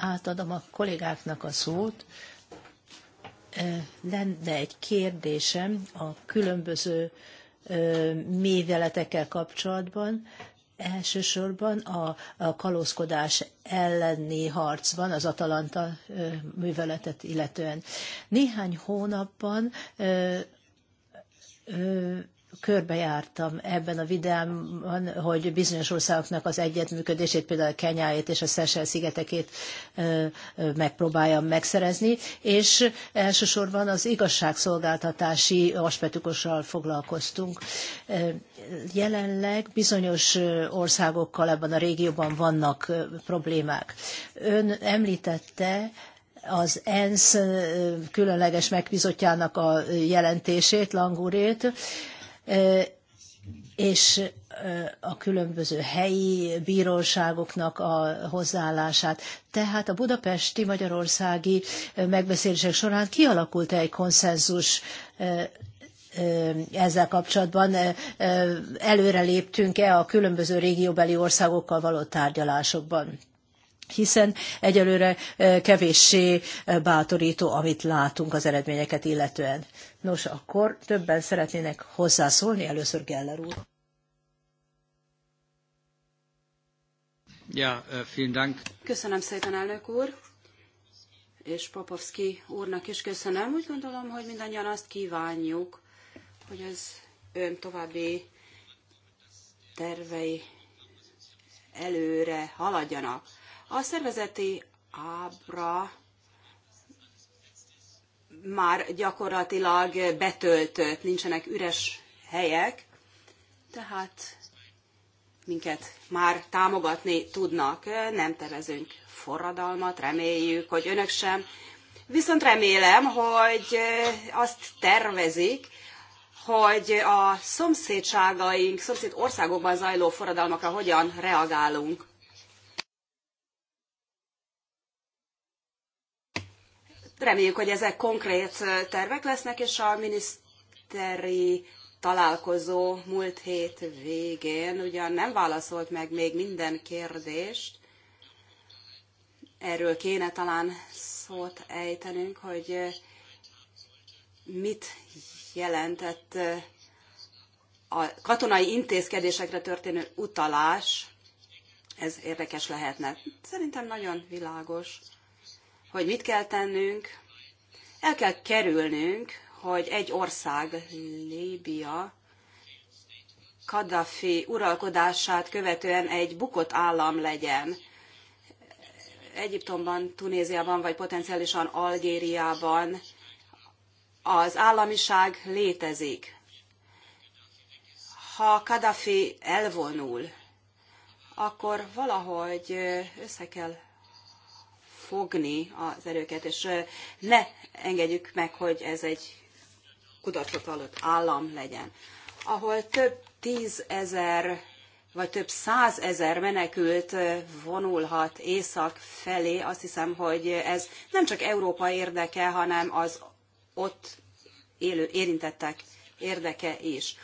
átadom a kollégáknak a szót. Lenne egy kérdésem a különböző műveletekkel kapcsolatban. Elsősorban a, a kalózkodás elleni harcban, az Atalanta műveletet illetően. Néhány hónapban körbejártam ebben a videámban, hogy bizonyos országoknak az egyetműködését, például a Kenyáit és a Szesel szigetekét megpróbáljam megszerezni, és elsősorban az igazságszolgáltatási aspektusokkal foglalkoztunk. Jelenleg bizonyos országokkal ebben a régióban vannak problémák. Ön említette, az ENSZ különleges megbizotjának a jelentését, Langurét, és a különböző helyi bíróságoknak a hozzáállását. Tehát a budapesti magyarországi megbeszélések során kialakult egy konszenzus ezzel kapcsolatban előre léptünk-e a különböző régióbeli országokkal való tárgyalásokban hiszen egyelőre e, kevéssé e, bátorító, amit látunk az eredményeket illetően. Nos, akkor többen szeretnének hozzászólni, először Geller úr. Ja, e, vielen Dank. Köszönöm szépen, elnök úr, és Popovski úrnak is köszönöm. Úgy gondolom, hogy mindannyian azt kívánjuk, hogy az ön további tervei előre haladjanak. A szervezeti ábra már gyakorlatilag betöltött, nincsenek üres helyek, tehát minket már támogatni tudnak. Nem tervezünk forradalmat, reméljük, hogy önök sem. Viszont remélem, hogy eh, azt tervezik, hogy a szomszédságaink, szomszéd országokban zajló forradalmakra hogyan reagálunk. Reméljük, hogy ezek konkrét tervek lesznek, és a miniszteri találkozó múlt hét végén ugyan nem válaszolt meg még minden kérdést. Erről kéne talán szót ejtenünk, hogy mit jelentett a katonai intézkedésekre történő utalás. Ez érdekes lehetne. Szerintem nagyon világos hogy mit kell tennünk. El kell kerülnünk, hogy egy ország, Líbia, Kaddafi uralkodását követően egy bukott állam legyen. Egyiptomban, Tunéziában, vagy potenciálisan Algériában az államiság létezik. Ha Kaddafi elvonul, akkor valahogy össze kell fogni az erőket, és ne engedjük meg, hogy ez egy kudarcot vallott állam legyen, ahol több tízezer vagy több százezer menekült vonulhat észak felé, azt hiszem, hogy ez nem csak Európa érdeke, hanem az ott élő érintettek érdeke is.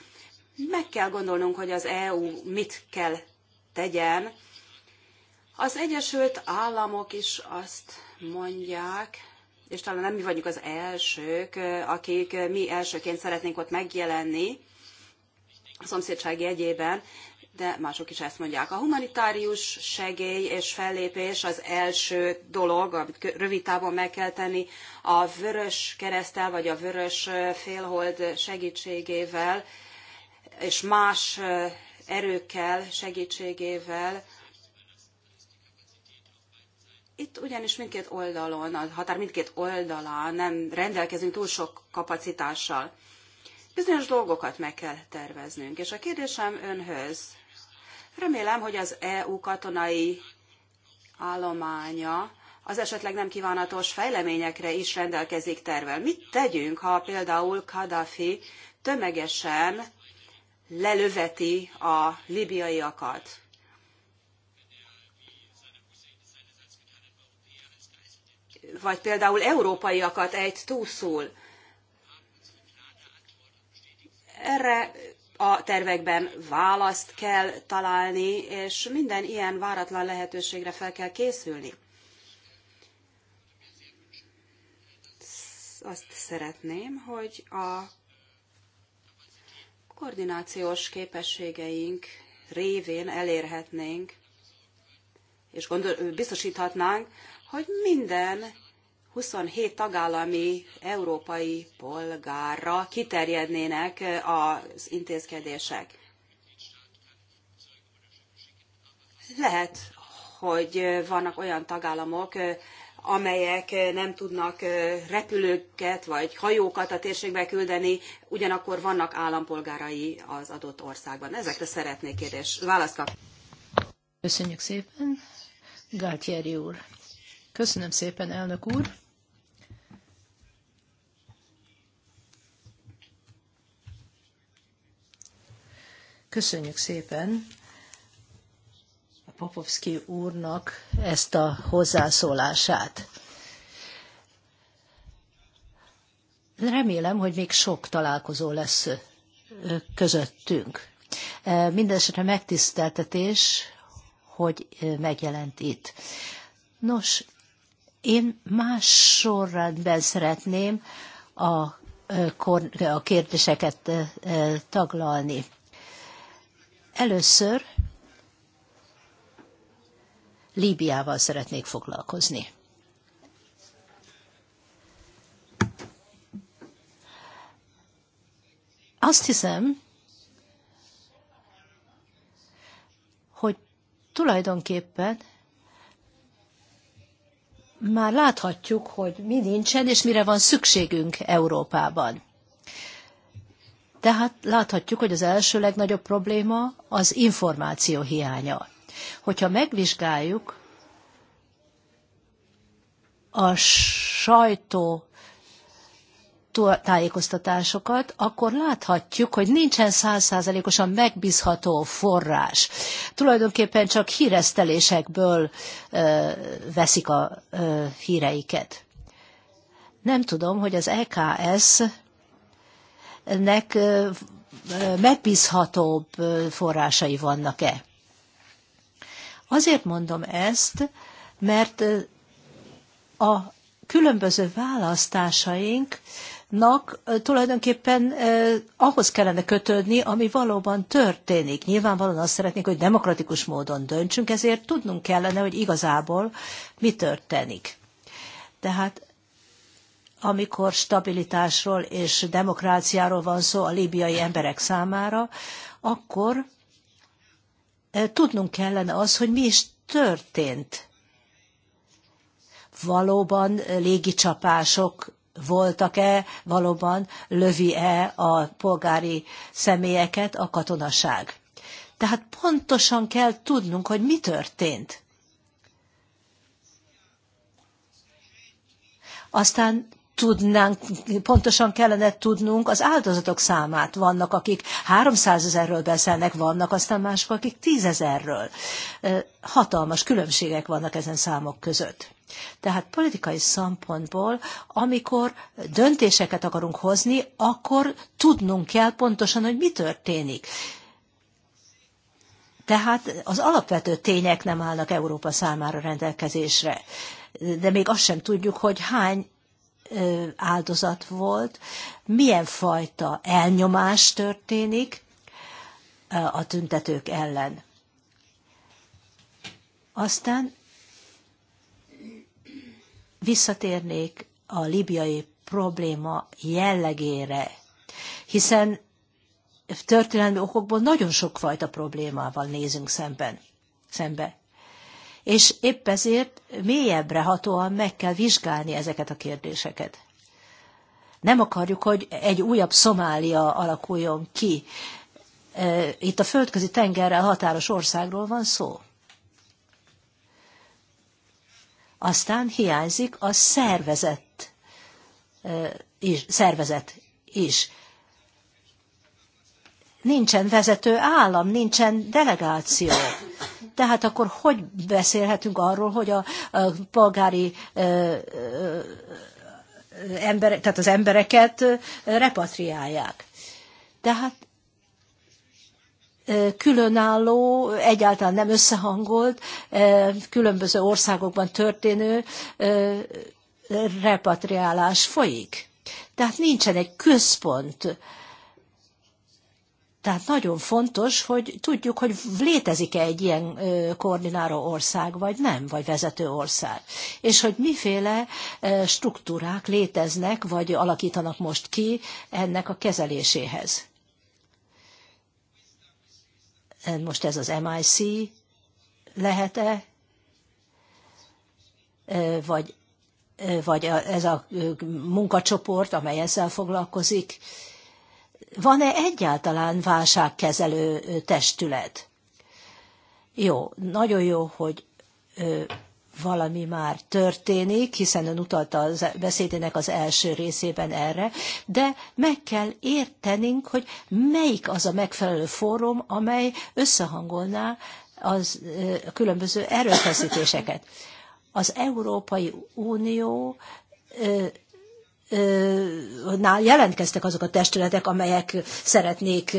Meg kell gondolnunk, hogy az EU mit kell tegyen, az Egyesült Államok is azt mondják, és talán nem mi vagyunk az elsők, akik mi elsőként szeretnénk ott megjelenni a szomszédság jegyében, de mások is ezt mondják. A humanitárius segély és fellépés az első dolog, amit rövid távon meg kell tenni a vörös keresztel vagy a vörös félhold segítségével és más erőkkel segítségével itt ugyanis mindkét oldalon, a határ mindkét oldalán nem rendelkezünk túl sok kapacitással. Bizonyos dolgokat meg kell terveznünk, és a kérdésem önhöz. Remélem, hogy az EU katonai állománya az esetleg nem kívánatos fejleményekre is rendelkezik tervel. Mit tegyünk, ha például Kadhafi tömegesen lelöveti a libiaiakat? vagy például európaiakat ejt túszul. Erre a tervekben választ kell találni, és minden ilyen váratlan lehetőségre fel kell készülni. Azt szeretném, hogy a koordinációs képességeink révén elérhetnénk, és gondol, biztosíthatnánk, hogy minden 27 tagállami európai polgárra kiterjednének eh, az intézkedések. Lehet, hogy eh, vannak olyan tagállamok, eh, amelyek nem tudnak repülőket vagy hajókat a térségbe küldeni, ugyanakkor vannak állampolgárai az adott országban. Ezekre szeretnék kérdés választ kapni. Köszönjük szépen, Gáltyeri úr. Köszönöm szépen, elnök úr. Köszönjük szépen a Popovski úrnak ezt a hozzászólását. Remélem, hogy még sok találkozó lesz közöttünk. Mindenesetre megtiszteltetés, hogy megjelent itt. Nos, én más sorrendben szeretném a, a kérdéseket taglalni. Először Líbiával szeretnék foglalkozni. Azt hiszem, hogy tulajdonképpen már láthatjuk, hogy mi nincsen, és mire van szükségünk Európában. Tehát láthatjuk, hogy az első legnagyobb probléma az információ hiánya. Hogyha megvizsgáljuk a sajtó tájékoztatásokat, akkor láthatjuk, hogy nincsen százszázalékosan megbízható forrás. Tulajdonképpen csak híresztelésekből ö, veszik a ö, híreiket. Nem tudom, hogy az EKS nek megbízhatóbb forrásai vannak-e. Azért mondom ezt, mert a különböző választásainknak tulajdonképpen ahhoz kellene kötődni, ami valóban történik. Nyilvánvalóan azt szeretnénk, hogy demokratikus módon döntsünk, ezért tudnunk kellene, hogy igazából mi történik. Tehát amikor stabilitásról és demokráciáról van szó a líbiai emberek számára, akkor e, tudnunk kellene az, hogy mi is történt. Valóban légicsapások voltak-e, valóban lövi-e a polgári személyeket a katonaság. Tehát pontosan kell tudnunk, hogy mi történt. Aztán tudnánk, pontosan kellene tudnunk az áldozatok számát. Vannak, akik 300 ezerről beszélnek, vannak aztán mások, akik 10 ezerről. Hatalmas különbségek vannak ezen számok között. Tehát politikai szempontból, amikor döntéseket akarunk hozni, akkor tudnunk kell pontosan, hogy mi történik. Tehát az alapvető tények nem állnak Európa számára rendelkezésre. De még azt sem tudjuk, hogy hány áldozat volt, milyen fajta elnyomás történik a tüntetők ellen. Aztán visszatérnék a libiai probléma jellegére, hiszen történelmi okokból nagyon sokfajta problémával nézünk szemben, szembe és épp ezért mélyebbre hatóan meg kell vizsgálni ezeket a kérdéseket. Nem akarjuk, hogy egy újabb Szomália alakuljon ki. Itt a földközi tengerrel határos országról van szó. Aztán hiányzik a szervezet is, szervezet is. Nincsen vezető állam, nincsen delegáció tehát akkor hogy beszélhetünk arról, hogy a, a polgári emberek, tehát az embereket repatriálják. Tehát különálló, egyáltalán nem összehangolt, különböző országokban történő repatriálás folyik. Tehát nincsen egy központ, tehát nagyon fontos, hogy tudjuk, hogy létezik-e egy ilyen koordináló ország, vagy nem, vagy vezető ország. És hogy miféle struktúrák léteznek, vagy alakítanak most ki ennek a kezeléséhez. Most ez az MIC lehet-e, vagy, vagy ez a munkacsoport, amely ezzel foglalkozik, van-e egyáltalán válságkezelő testület? Jó, nagyon jó, hogy valami már történik, hiszen ön utalta a e- beszédének az első részében erre, de meg kell értenünk, hogy melyik az a megfelelő fórum, amely összehangolná az a különböző erőfeszítéseket. Az Európai Unió nál jelentkeztek azok a testületek, amelyek szeretnék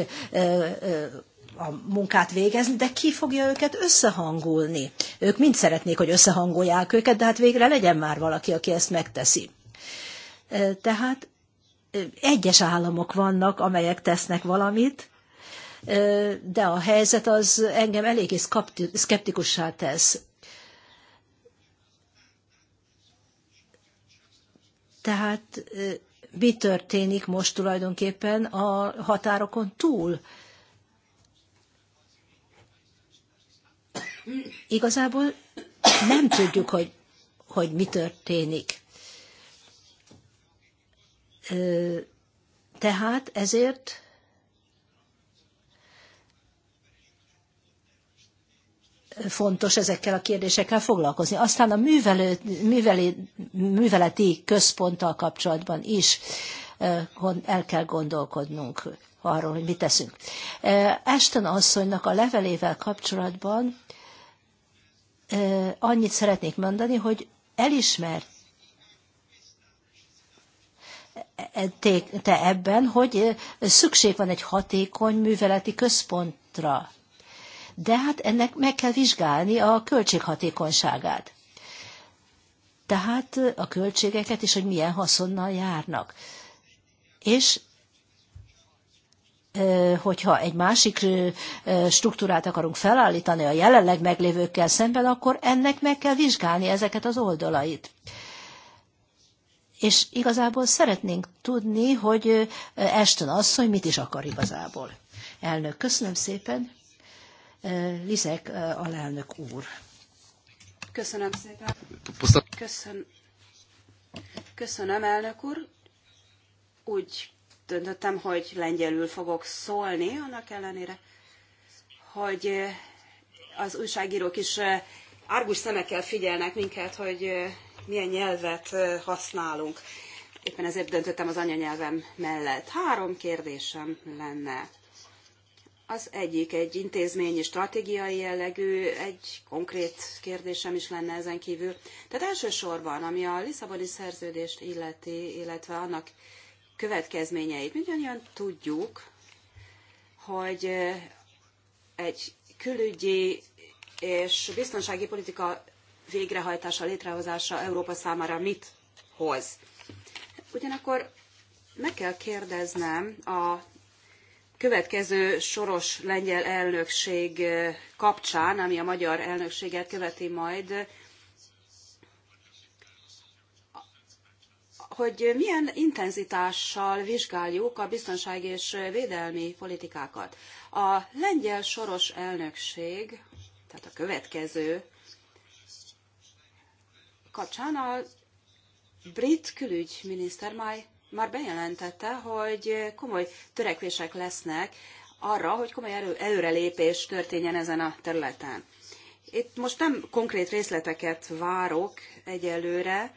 a munkát végezni, de ki fogja őket összehangolni? Ők mind szeretnék, hogy összehangolják őket, de hát végre legyen már valaki, aki ezt megteszi. Tehát egyes államok vannak, amelyek tesznek valamit, de a helyzet az engem eléggé szkeptikussá tesz. Tehát mi történik most tulajdonképpen a határokon túl? Igazából nem tudjuk, hogy, hogy mi történik. Tehát ezért fontos ezekkel a kérdésekkel foglalkozni. Aztán a művelő, műveli műveleti központtal kapcsolatban is el kell gondolkodnunk arról, hogy mit teszünk. Ashton asszonynak a levelével kapcsolatban annyit szeretnék mondani, hogy elismert e, te ebben, hogy szükség van egy hatékony műveleti központra de hát ennek meg kell vizsgálni a költséghatékonyságát. Tehát a költségeket is, hogy milyen haszonnal járnak. És hogyha egy másik struktúrát akarunk felállítani a jelenleg meglévőkkel szemben, akkor ennek meg kell vizsgálni ezeket az oldalait. És igazából szeretnénk tudni, hogy Eston asszony mit is akar igazából. Elnök, köszönöm szépen. Lizek alelnök úr. Köszönöm szépen. Köszön... Köszönöm, elnök úr. Úgy döntöttem, hogy lengyelül fogok szólni, annak ellenére, hogy az újságírók is árgus szemekkel figyelnek minket, hogy milyen nyelvet használunk. Éppen ezért döntöttem az anyanyelvem mellett. Három kérdésem lenne. Az egyik egy intézményi, stratégiai jellegű, egy konkrét kérdésem is lenne ezen kívül. Tehát elsősorban, ami a Lisszaboni szerződést illeti, illetve annak következményeit, mindannyian tudjuk, hogy eh, egy külügyi és biztonsági politika végrehajtása, létrehozása Európa számára mit hoz. Ugyanakkor meg kell kérdeznem a következő soros lengyel elnökség eh, kapcsán, ami a magyar elnökséget követi majd, hogy milyen intenzitással vizsgáljuk a biztonsági és védelmi politikákat. A lengyel soros elnökség, tehát a következő kapcsán a brit külügyminiszter Mike már bejelentette, hogy komoly törekvések lesznek arra, hogy komoly elő, előrelépés történjen ezen a területen. Itt most nem konkrét részleteket várok egyelőre,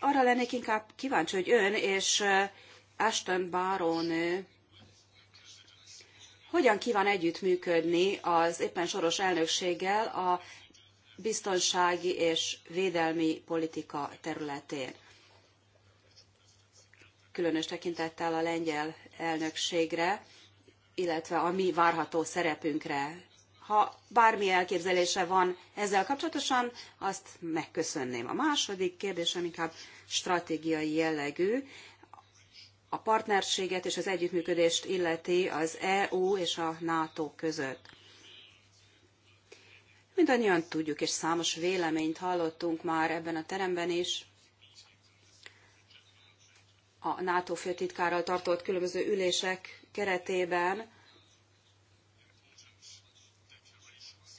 arra lennék inkább kíváncsi, hogy ön és eh, Ashton Barónő hogyan kíván együttműködni az éppen soros elnökséggel a biztonsági és védelmi politika területén különös tekintettel a lengyel elnökségre, illetve a mi várható szerepünkre. Ha bármi elképzelése van ezzel kapcsolatosan, azt megköszönném. A második kérdésem inkább stratégiai jellegű. A partnerséget és az együttműködést illeti az EU és a NATO között. Mindannyian tudjuk, és számos véleményt hallottunk már ebben a teremben is, a NATO főtitkárral tartott különböző ülések keretében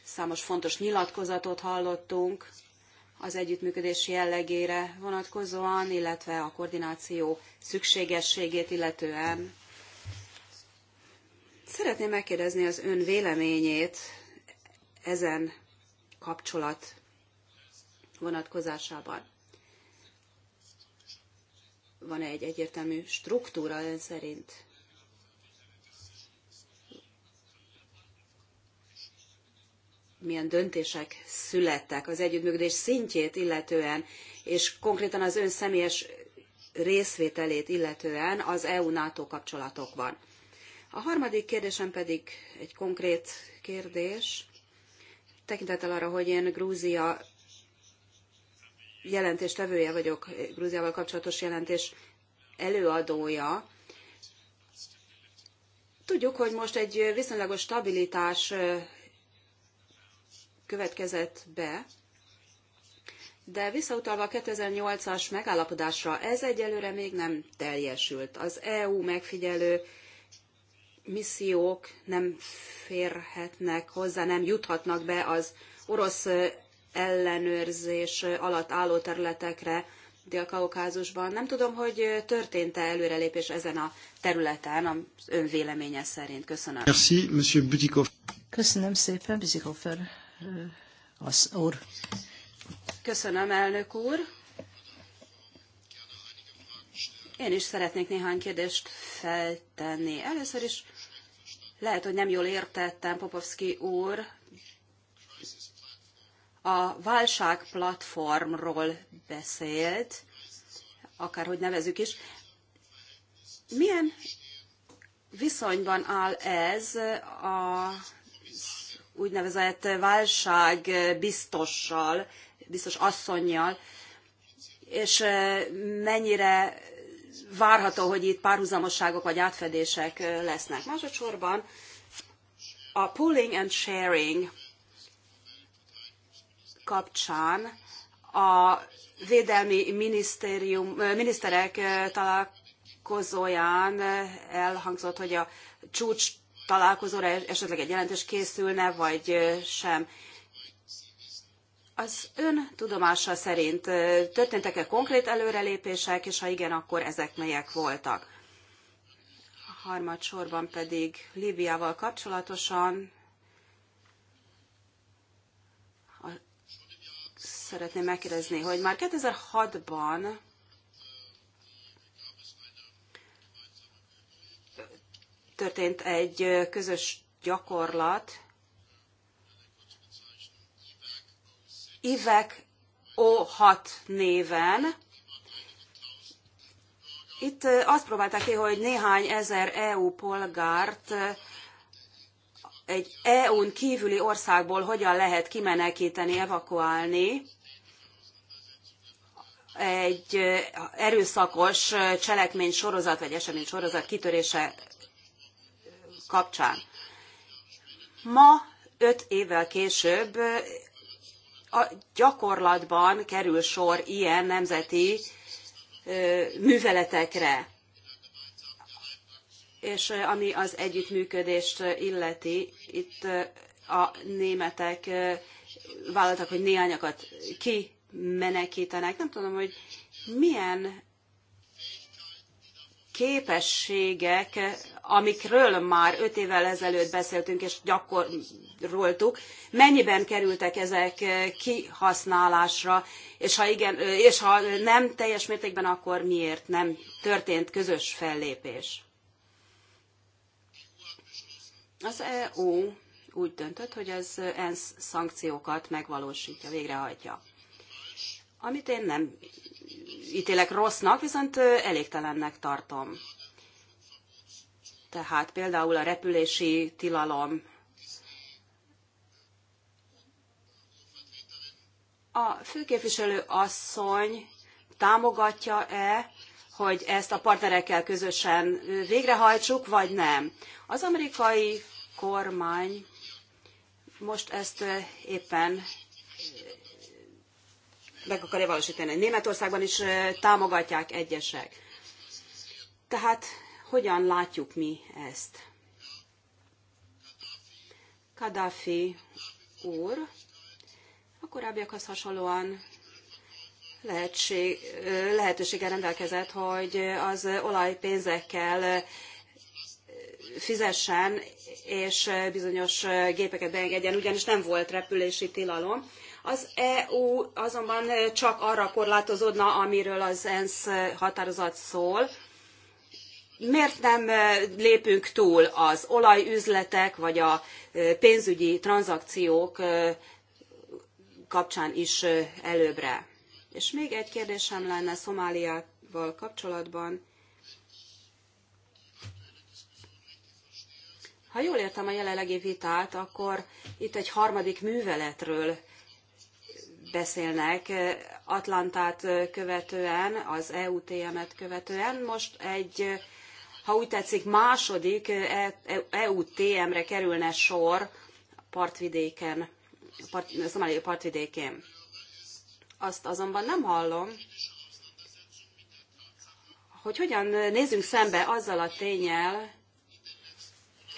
számos fontos nyilatkozatot hallottunk az együttműködés jellegére vonatkozóan, illetve a koordináció szükségességét illetően. Szeretném megkérdezni az ön véleményét ezen kapcsolat vonatkozásában van-e egy egyértelmű struktúra ön szerint? milyen döntések születtek az együttműködés szintjét illetően, és konkrétan az ön személyes részvételét illetően az EU-NATO kapcsolatokban. A harmadik kérdésem pedig egy konkrét kérdés, tekintettel arra, hogy én Grúzia jelentéstevője vagyok, Grúziával kapcsolatos jelentés előadója. Tudjuk, hogy most egy viszonylagos stabilitás következett be, de visszautalva a 2008-as megállapodásra, ez egyelőre még nem teljesült. Az EU megfigyelő missziók nem férhetnek hozzá, nem juthatnak be az orosz ellenőrzés alatt álló területekre Dél-Kaukázusban. Nem tudom, hogy történt-e előrelépés ezen a területen, az ön véleménye szerint. Köszönöm. Merci, Monsieur Butikov. Köszönöm szépen, Butikofer az úr. Köszönöm, elnök úr. Én is szeretnék néhány kérdést feltenni. Először is lehet, hogy nem jól értettem Popovski úr, a válságplatformról beszélt, akárhogy nevezük is. Milyen viszonyban áll ez a úgynevezett válság biztossal, biztos asszonyjal, és mennyire várható, hogy itt párhuzamosságok vagy átfedések lesznek. Másodszorban a pooling and sharing kapcsán a védelmi minisztérium, miniszterek eh, találkozóján eh, elhangzott, hogy a csúcs találkozóra esetleg egy jelentés készülne, vagy eh, sem. Az ön tudomása szerint történtek-e konkrét előrelépések, és ha igen, akkor ezek melyek voltak? A harmadsorban pedig Líbiával kapcsolatosan szeretném megkérdezni, hogy már 2006-ban történt egy közös gyakorlat, Ivek O6 néven. Itt azt próbálták ki, hogy néhány ezer EU polgárt egy EU-n kívüli országból hogyan lehet kimenekíteni, evakuálni egy erőszakos cselekmény sorozat vagy esemény sorozat kitörése kapcsán. Ma, öt évvel később a gyakorlatban kerül sor ilyen nemzeti műveletekre és ami az együttműködést illeti, itt a németek vállaltak, hogy néhányakat kimenekítenek. Nem tudom, hogy milyen képességek, amikről már öt évvel ezelőtt beszéltünk és gyakoroltuk, mennyiben kerültek ezek kihasználásra, és ha, igen, és ha nem teljes mértékben, akkor miért nem történt közös fellépés? Az EU úgy döntött, hogy az ENSZ szankciókat megvalósítja, végrehajtja. Amit én nem ítélek rossznak, viszont elégtelennek tartom. Tehát például a repülési tilalom, a főképviselő asszony támogatja-e, hogy ezt a partnerekkel közösen végrehajtsuk, vagy nem. Az amerikai kormány most ezt éppen meg akarja valósítani. Németországban is támogatják egyesek. Tehát hogyan látjuk mi ezt? Kadhafi úr a korábbiakhoz hasonlóan lehetség, lehetőséggel rendelkezett, hogy az olajpénzekkel fizessen, és bizonyos gépeket beengedjen, ugyanis nem volt repülési tilalom. Az EU azonban csak arra korlátozódna, amiről az ENSZ határozat szól. Miért nem lépünk túl az olajüzletek vagy a pénzügyi tranzakciók kapcsán is előbbre? És még egy kérdésem lenne Szomáliával kapcsolatban. Ha jól értem a jelenlegi vitát, akkor itt egy harmadik műveletről beszélnek eh, Atlantát eh, követően, az EUTM-et követően. Most egy, eh, ha úgy tetszik, második EUTM-re e e e kerülne sor partvidéken, part, szomáliai partvidékén. Azt azonban nem hallom, hogy hogyan nézzünk szembe azzal a tényel,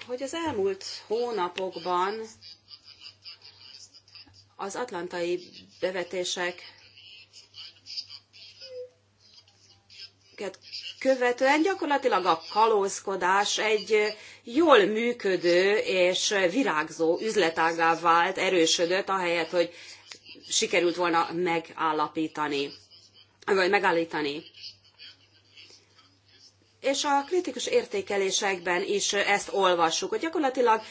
hogy az elmúlt hónapokban az atlantai bevetések követően gyakorlatilag a kalózkodás egy jól működő és virágzó üzletágá vált, erősödött, ahelyett, hogy sikerült volna megállapítani, vagy megállítani és a kritikus értékelésekben is ezt olvassuk, hogy gyakorlatilag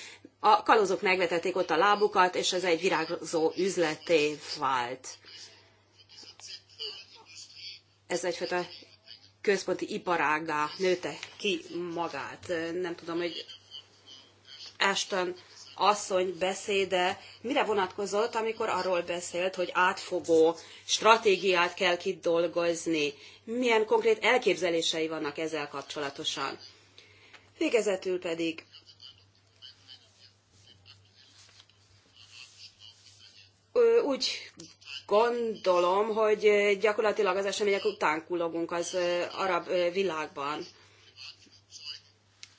a kalózok megvetették ott a lábukat, és ez egy virágzó üzleté vált. Ez egyfajta központi iparágá nőtte ki magát. Nem tudom, hogy Ashton asszony beszéde mire vonatkozott, amikor arról beszélt, hogy átfogó stratégiát kell kidolgozni? Milyen konkrét elképzelései vannak ezzel kapcsolatosan? Végezetül pedig úgy gondolom, hogy gyakorlatilag az események után kullogunk az arab világban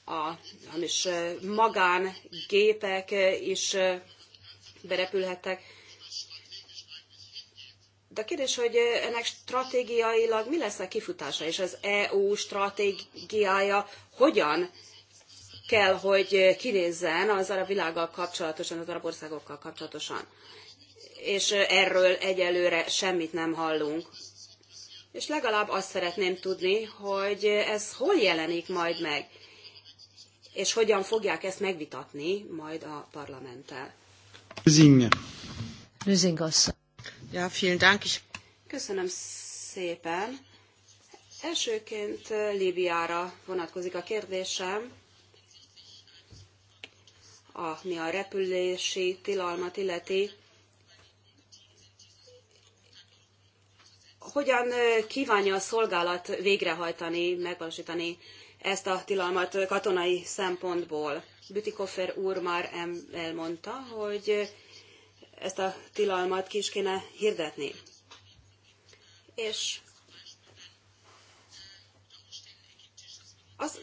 a is magángépek is berepülhettek. De a kérdés, hogy ennek stratégiailag mi lesz a kifutása, és az EU stratégiája hogyan kell, hogy kinézzen az arab világgal kapcsolatosan, az arab országokkal kapcsolatosan. És erről egyelőre semmit nem hallunk. És legalább azt szeretném tudni, hogy ez hol jelenik majd meg és hogyan fogják ezt megvitatni majd a parlamenttel. Lüzing. Lüzing asszony. Ja, vielen Dank. Köszönöm szépen. Elsőként eh, Líbiára vonatkozik a kérdésem, ami a repülési tilalmat illeti. Hogyan eh, kívánja a szolgálat végrehajtani, megvalósítani ezt a tilalmat katonai szempontból. Bütikofer úr már elmondta, hogy ezt a tilalmat ki is kéne hirdetni. És az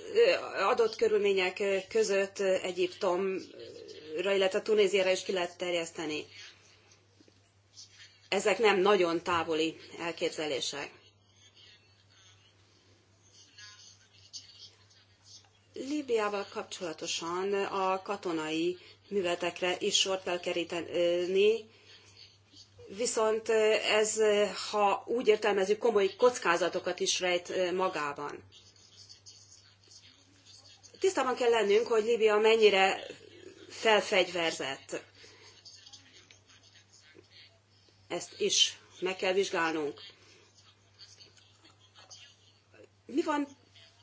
adott körülmények között Egyiptomra, illetve Tunéziára is ki lehet terjeszteni. Ezek nem nagyon távoli elképzelések. Líbiával kapcsolatosan a katonai műveletekre is sor kell keríteni, viszont ez, ha úgy értelmezzük, komoly kockázatokat is rejt eh, magában. Tisztában kell lennünk, hogy Líbia mennyire felfegyverzett. Ezt is meg kell vizsgálnunk. Mi van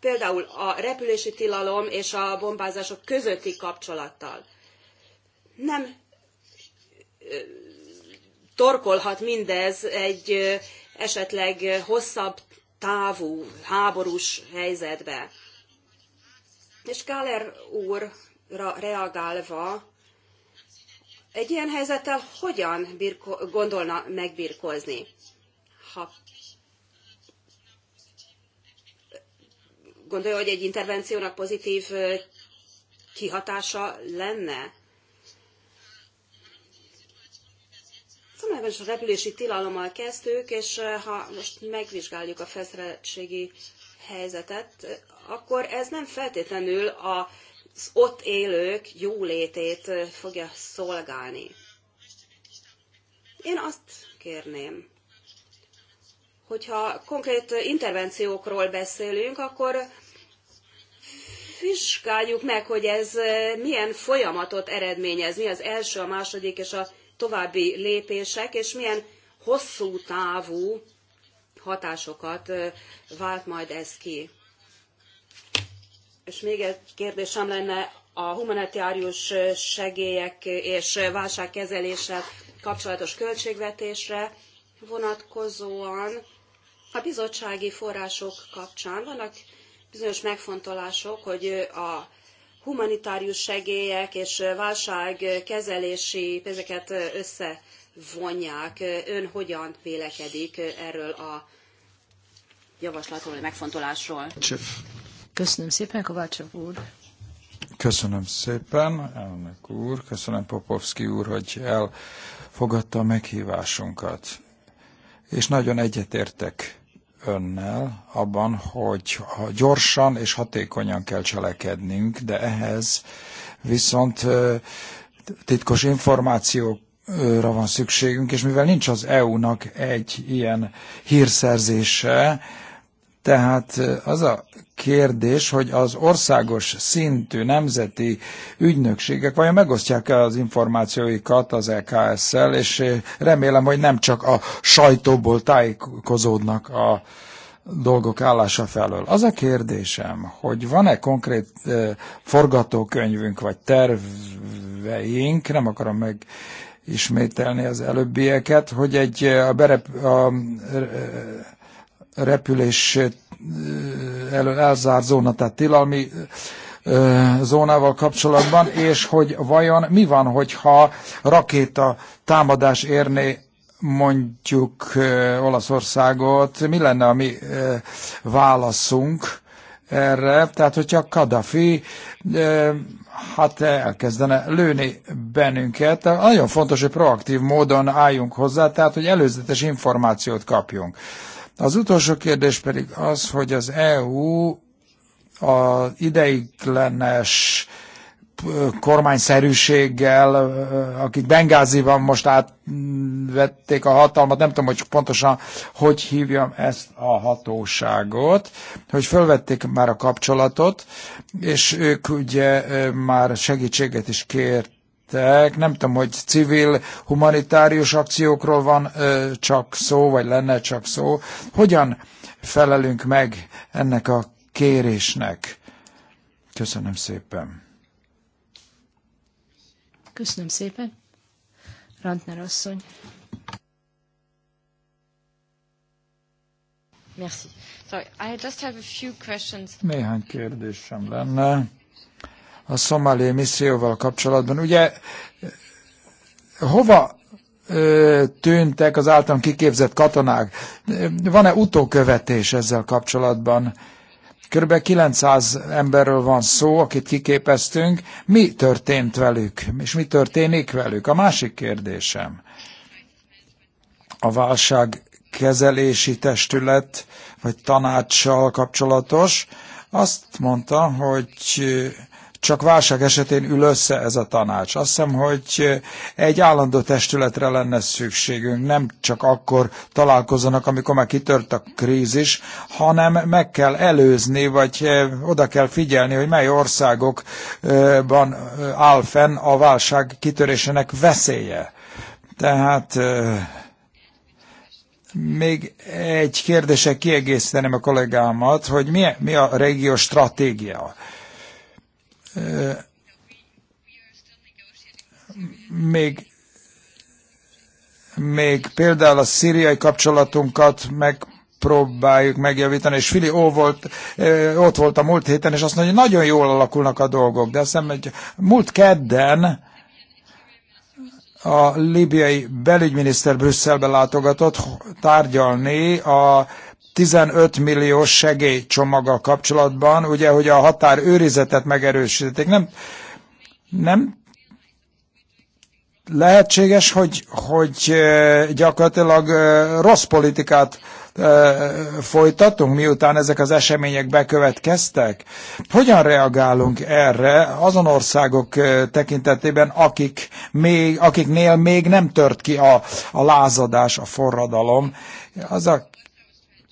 például a repülési tilalom és a bombázások közötti kapcsolattal. Nem torkolhat mindez egy esetleg hosszabb távú háborús helyzetbe. És Káler úrra reagálva, egy ilyen helyzettel hogyan birko- gondolna megbirkózni? Ha gondolja, hogy egy intervenciónak pozitív kihatása lenne? Szóval is a repülési tilalommal kezdtük, és ha most megvizsgáljuk a feszültségi helyzetet, akkor ez nem feltétlenül az ott élők jólétét fogja szolgálni. Én azt kérném, hogyha konkrét intervenciókról beszélünk, akkor vizsgáljuk meg, hogy ez milyen folyamatot eredményez, mi az első, a második és a további lépések, és milyen hosszú távú hatásokat vált majd ez ki. És még egy kérdésem lenne a humanitárius segélyek és válságkezeléssel kapcsolatos költségvetésre vonatkozóan. A bizottsági források kapcsán vannak bizonyos megfontolások, hogy a humanitárius segélyek és válságkezelési pénzeket összevonják. Ön hogyan vélekedik erről a javaslatról, a megfontolásról? Csif. Köszönöm szépen, Kovácsov úr. Köszönöm szépen, elnök úr, köszönöm Popovski úr, hogy elfogadta a meghívásunkat. És nagyon egyetértek önnel abban, hogy gyorsan és hatékonyan kell cselekednünk, de ehhez viszont titkos információk van szükségünk, és mivel nincs az EU-nak egy ilyen hírszerzése, tehát az a kérdés, hogy az országos szintű nemzeti ügynökségek vajon megosztják-e az információikat az LKS-szel, e és remélem, hogy nem csak a sajtóból tájékozódnak a dolgok állása felől. Az a kérdésem, hogy van-e konkrét forgatókönyvünk vagy terveink, nem akarom meg ismételni az előbbieket, hogy egy a, berep, a, a repülés elől elzárt zóna, tehát tilalmi zónával kapcsolatban, és hogy vajon mi van, hogyha rakéta támadás érné mondjuk Olaszországot, mi lenne a mi válaszunk erre, tehát hogyha Kadafi hát elkezdene lőni bennünket, nagyon fontos, hogy proaktív módon álljunk hozzá, tehát hogy előzetes információt kapjunk. Az utolsó kérdés pedig az, hogy az EU az ideiglenes kormányszerűséggel, akik Bengáziban most átvették a hatalmat, nem tudom, hogy pontosan hogy hívjam ezt a hatóságot, hogy fölvették már a kapcsolatot, és ők ugye már segítséget is kért tettek. Nem tudom, hogy civil, humanitárius akciókról van ö, csak szó, vagy lenne csak szó. Hogyan felelünk meg ennek a kérésnek? Köszönöm szépen. Köszönöm szépen. Rantner asszony. Merci. Sorry, I just have a few questions. Néhány kérdésem lenne a szomáli misszióval kapcsolatban. Ugye hova tűntek az általam kiképzett katonák? Van-e utókövetés ezzel kapcsolatban? Kb. 900 emberről van szó, akit kiképeztünk. Mi történt velük, és mi történik velük? A másik kérdésem. A válság kezelési testület vagy tanácssal kapcsolatos. Azt mondta, hogy csak válság esetén ül össze ez a tanács. Azt hiszem, hogy egy állandó testületre lenne szükségünk, nem csak akkor találkozanak, amikor már kitört a krízis, hanem meg kell előzni, vagy eh, oda kell figyelni, hogy mely országokban eh, eh, áll fenn a válság kitörésének veszélye. Tehát még egy kérdése kiegészíteném a kollégámat, hogy mi, mi a régió stratégia még, még például a szíriai kapcsolatunkat meg próbáljuk megjavítani, és Fili ó volt, ott volt a múlt héten, és azt mondja, hogy nagyon jól alakulnak a dolgok, de azt hiszem, hogy múlt kedden a libiai belügyminiszter Brüsszelbe látogatott tárgyalni a 15 milliós segélycsomaggal kapcsolatban, ugye, hogy a határ őrizetet megerősítették. Nem, nem lehetséges, hogy, hogy eh, gyakorlatilag eh, rossz politikát eh, folytatunk, miután ezek az események bekövetkeztek? Hogyan reagálunk erre azon országok tekintetében, akik még, akiknél még nem tört ki a, a lázadás, a forradalom? Az a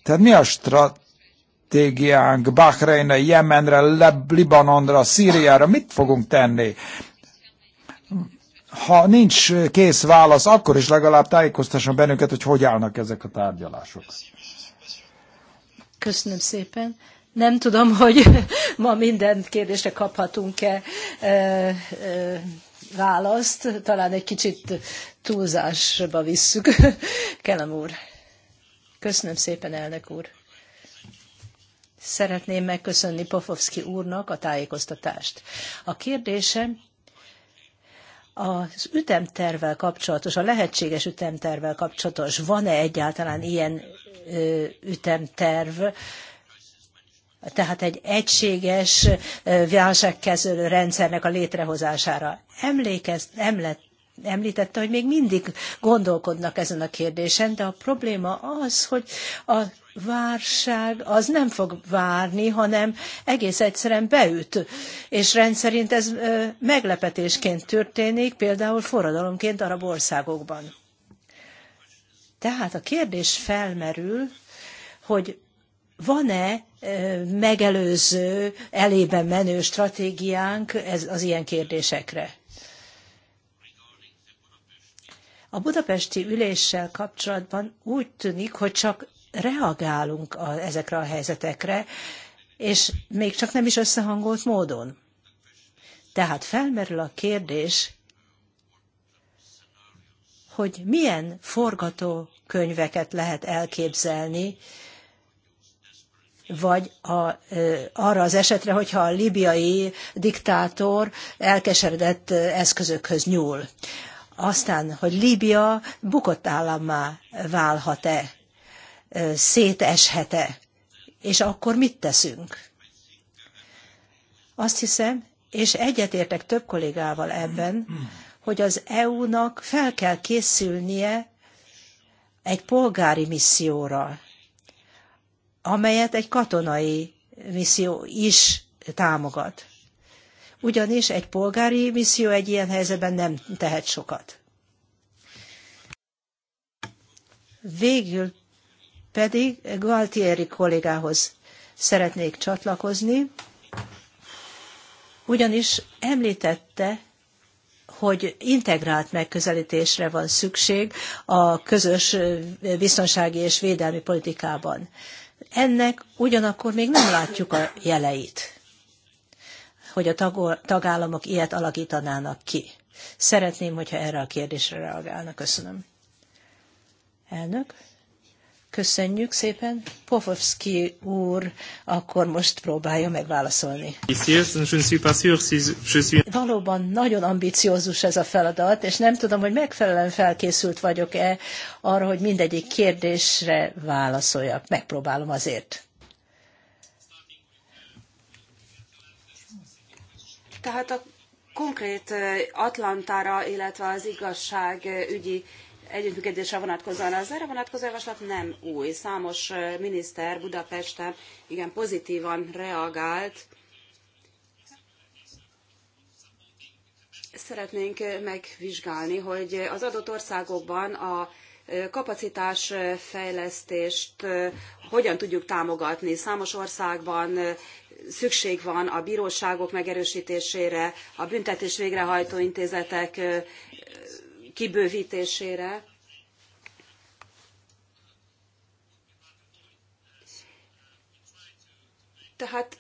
tehát mi a stratégiánk Bahreinre, Jemenre, Libanonra, Szíriára? Mit fogunk tenni? Ha nincs kész válasz, akkor is legalább tájékoztasson bennünket, hogy hogy állnak ezek a tárgyalások. Köszönöm szépen. Nem tudom, hogy ma minden kérdésre kaphatunk-e választ. Talán egy kicsit túlzásba visszük. Kelem úr. Köszönöm szépen, elnök úr. Szeretném megköszönni Pofovszki úrnak a tájékoztatást. A kérdésem az ütemtervel kapcsolatos, a lehetséges ütemtervel kapcsolatos, van-e egyáltalán ilyen ütemterv, tehát egy egységes válságkezelő rendszernek a létrehozására. Emlékez, emlet, említette, hogy még mindig gondolkodnak ezen a kérdésen, de a probléma az, hogy a válság az nem fog várni, hanem egész egyszerűen beüt. És rendszerint ez meglepetésként történik, például forradalomként arab országokban. Tehát a kérdés felmerül, hogy van-e megelőző, elébe menő stratégiánk ez, az ilyen kérdésekre? A budapesti üléssel kapcsolatban úgy tűnik, hogy csak reagálunk a, ezekre a helyzetekre, és még csak nem is összehangolt módon. Tehát felmerül a kérdés, hogy milyen forgatókönyveket lehet elképzelni, vagy a, arra az esetre, hogyha a libiai diktátor elkeseredett eszközökhöz nyúl. Aztán, hogy Líbia bukott állammá válhat-e, széteshet-e, és akkor mit teszünk? Azt hiszem, és egyetértek több kollégával ebben, hogy az EU-nak fel kell készülnie egy polgári misszióra, amelyet egy katonai misszió is támogat ugyanis egy polgári misszió egy ilyen helyzetben nem tehet sokat. Végül pedig Gualtieri kollégához szeretnék csatlakozni, ugyanis említette, hogy integrált megközelítésre van szükség a közös biztonsági és védelmi politikában. Ennek ugyanakkor még nem látjuk a jeleit hogy a tagállamok ilyet alakítanának ki. Szeretném, hogyha erre a kérdésre reagálnak. Köszönöm. Elnök. Köszönjük szépen. Pofovski úr, akkor most próbálja megválaszolni. Valóban nagyon ambiciózus ez a feladat, és nem tudom, hogy megfelelően felkészült vagyok-e arra, hogy mindegyik kérdésre válaszoljak. Megpróbálom azért. Tehát a konkrét Atlantára, illetve az igazságügyi együttműködésre vonatkozóan az erre vonatkozó javaslat nem új. Számos miniszter Budapesten igen pozitívan reagált. Szeretnénk megvizsgálni, hogy az adott országokban a kapacitásfejlesztést hogyan tudjuk támogatni. Számos országban szükség van a bíróságok megerősítésére, a büntetés végrehajtó intézetek kibővítésére. Tehát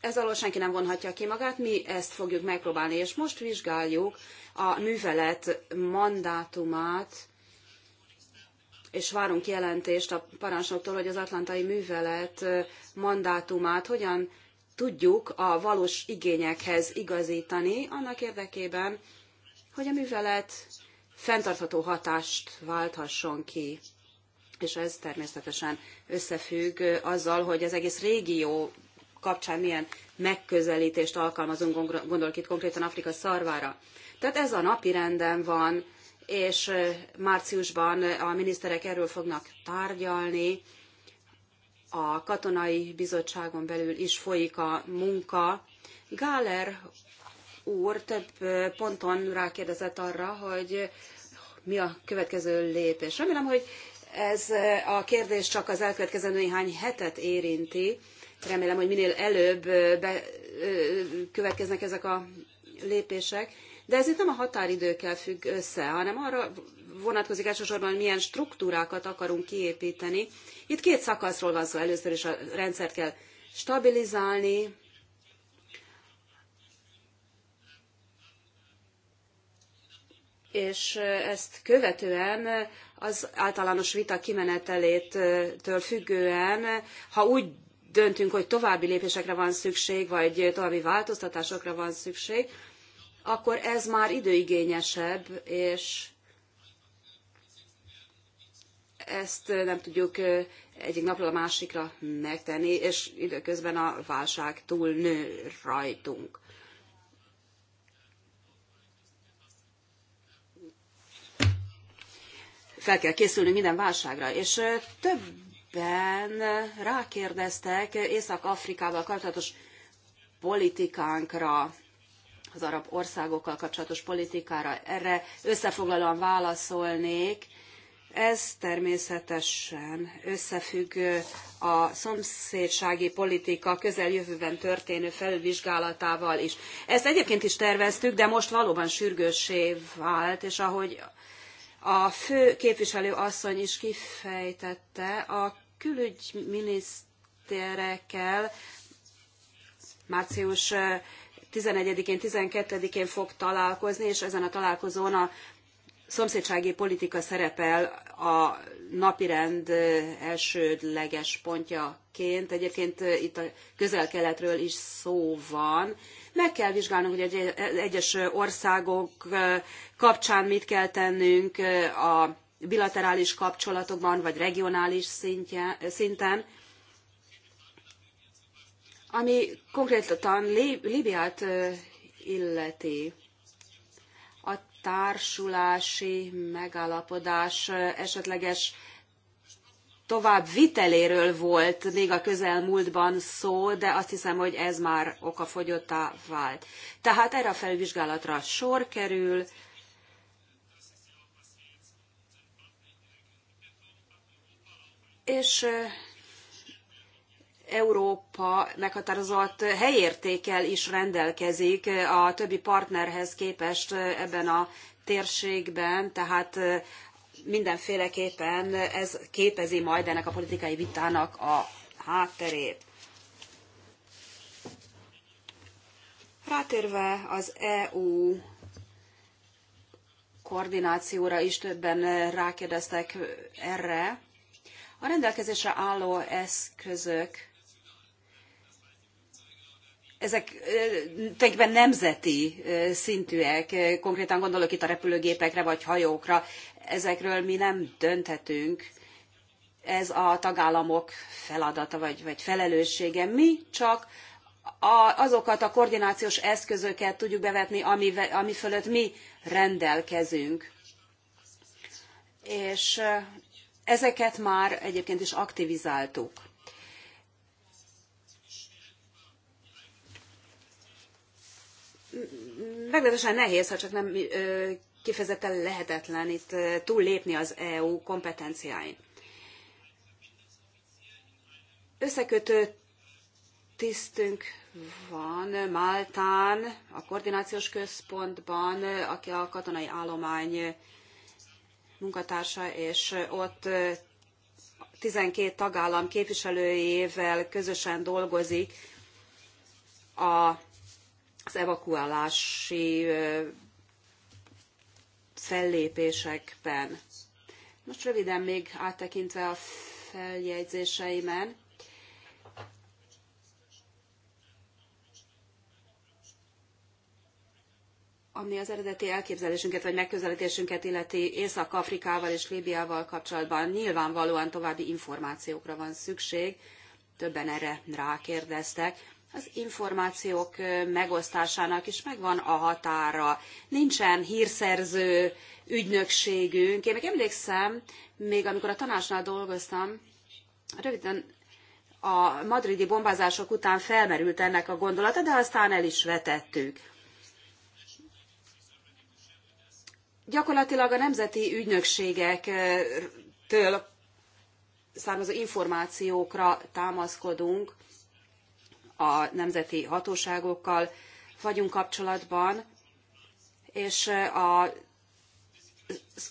ez alól senki nem vonhatja ki magát, mi ezt fogjuk megpróbálni, és most vizsgáljuk a művelet mandátumát, és várunk jelentést a parancsnoktól, hogy az atlantai művelet mandátumát hogyan tudjuk a valós igényekhez igazítani, annak érdekében, hogy a művelet fenntartható hatást válthasson ki. És ez természetesen összefügg azzal, hogy az egész régió kapcsán milyen megközelítést alkalmazunk, gondolok itt konkrétan Afrika szarvára. Tehát ez a napi renden van, és márciusban a miniszterek erről fognak tárgyalni. A katonai bizottságon belül is folyik a munka. Gáler úr több ponton rákérdezett arra, hogy mi a következő lépés. Remélem, hogy ez a kérdés csak az elkövetkező néhány hetet érinti. Remélem, hogy minél előbb be, következnek ezek a lépések. De ez itt nem a határidőkkel függ össze, hanem arra vonatkozik elsősorban, hogy milyen struktúrákat akarunk kiépíteni. Itt két szakaszról van szó, először is a rendszert kell stabilizálni, és eh, ezt követően eh, az általános vita kimenetelétől függően, eh, ha úgy döntünk, hogy további lépésekre van szükség, vagy további változtatásokra van szükség, akkor ez már időigényesebb, és ezt nem tudjuk egyik napról a másikra megtenni, és időközben a válság túl nő rajtunk. Fel kell készülni minden válságra, és többen rákérdeztek Észak-Afrikával kapcsolatos politikánkra az arab országokkal kapcsolatos politikára. Erre összefoglalóan válaszolnék. Ez természetesen összefügg a szomszédsági politika közeljövőben történő felülvizsgálatával is. Ezt egyébként is terveztük, de most valóban sürgőssé vált, és ahogy a fő képviselő asszony is kifejtette, a külügyminiszterekkel március 11-én, 12-én fog találkozni, és ezen a találkozón a szomszédsági politika szerepel a napirend eh, elsődleges pontjaként. Egyébként eh, itt a közel-keletről is szó van. Meg kell vizsgálnunk, hogy egy eh, egyes országok kapcsán mit kell tennünk a bilaterális kapcsolatokban, vagy regionális szintje, szinten ami konkrétan Líbiát illeti, a társulási megállapodás esetleges tovább viteléről volt még a közelmúltban szó, de azt hiszem, hogy ez már okafogyottá vált. Tehát erre a felvizsgálatra sor kerül, és Európa meghatározott helyértékkel is rendelkezik a többi partnerhez képest ebben a térségben, tehát mindenféleképpen ez képezi majd ennek a politikai vitának a hátterét. Rátérve az EU koordinációra is többen rákérdeztek erre. A rendelkezésre álló eszközök ezek tulajdonképpen nemzeti szintűek, konkrétan gondolok itt a repülőgépekre vagy hajókra, ezekről mi nem dönthetünk, ez a tagállamok feladata vagy, vagy felelőssége. Mi csak a, azokat a koordinációs eszközöket tudjuk bevetni, ami, ami fölött mi rendelkezünk. És ezeket már egyébként is aktivizáltuk. meglehetősen nehéz, ha csak nem kifejezetten lehetetlen itt túllépni az EU kompetenciáin. Összekötő tisztünk van Máltán, a koordinációs központban, aki a katonai állomány munkatársa, és ott 12 tagállam képviselőjével közösen dolgozik a az evakuálási fellépésekben. Most röviden még áttekintve a feljegyzéseimen, ami az eredeti elképzelésünket vagy megközelítésünket illeti Észak-Afrikával és Líbiával kapcsolatban nyilvánvalóan további információkra van szükség. Többen erre rákérdeztek az információk megosztásának is megvan a határa. Nincsen hírszerző ügynökségünk. Én emlékszem, még amikor a tanácsnál dolgoztam, röviden a madridi bombázások után felmerült ennek a gondolata, de aztán el is vetettük. Gyakorlatilag a nemzeti ügynökségektől származó információkra támaszkodunk, a nemzeti hatóságokkal vagyunk kapcsolatban, és a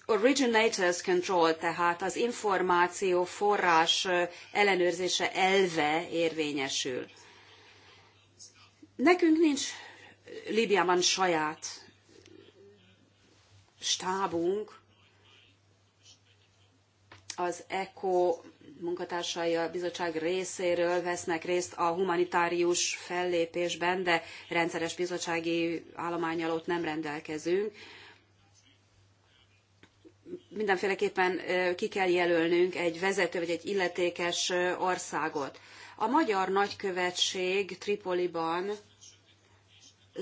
originators control, tehát az információ forrás ellenőrzése elve érvényesül. Nekünk nincs Líbiában saját stábunk, az ECO munkatársai a bizottság részéről vesznek részt a humanitárius fellépésben, de rendszeres bizottsági állományal ott nem rendelkezünk. Mindenféleképpen ki kell jelölnünk egy vezető vagy egy illetékes országot. A magyar nagykövetség Tripoliban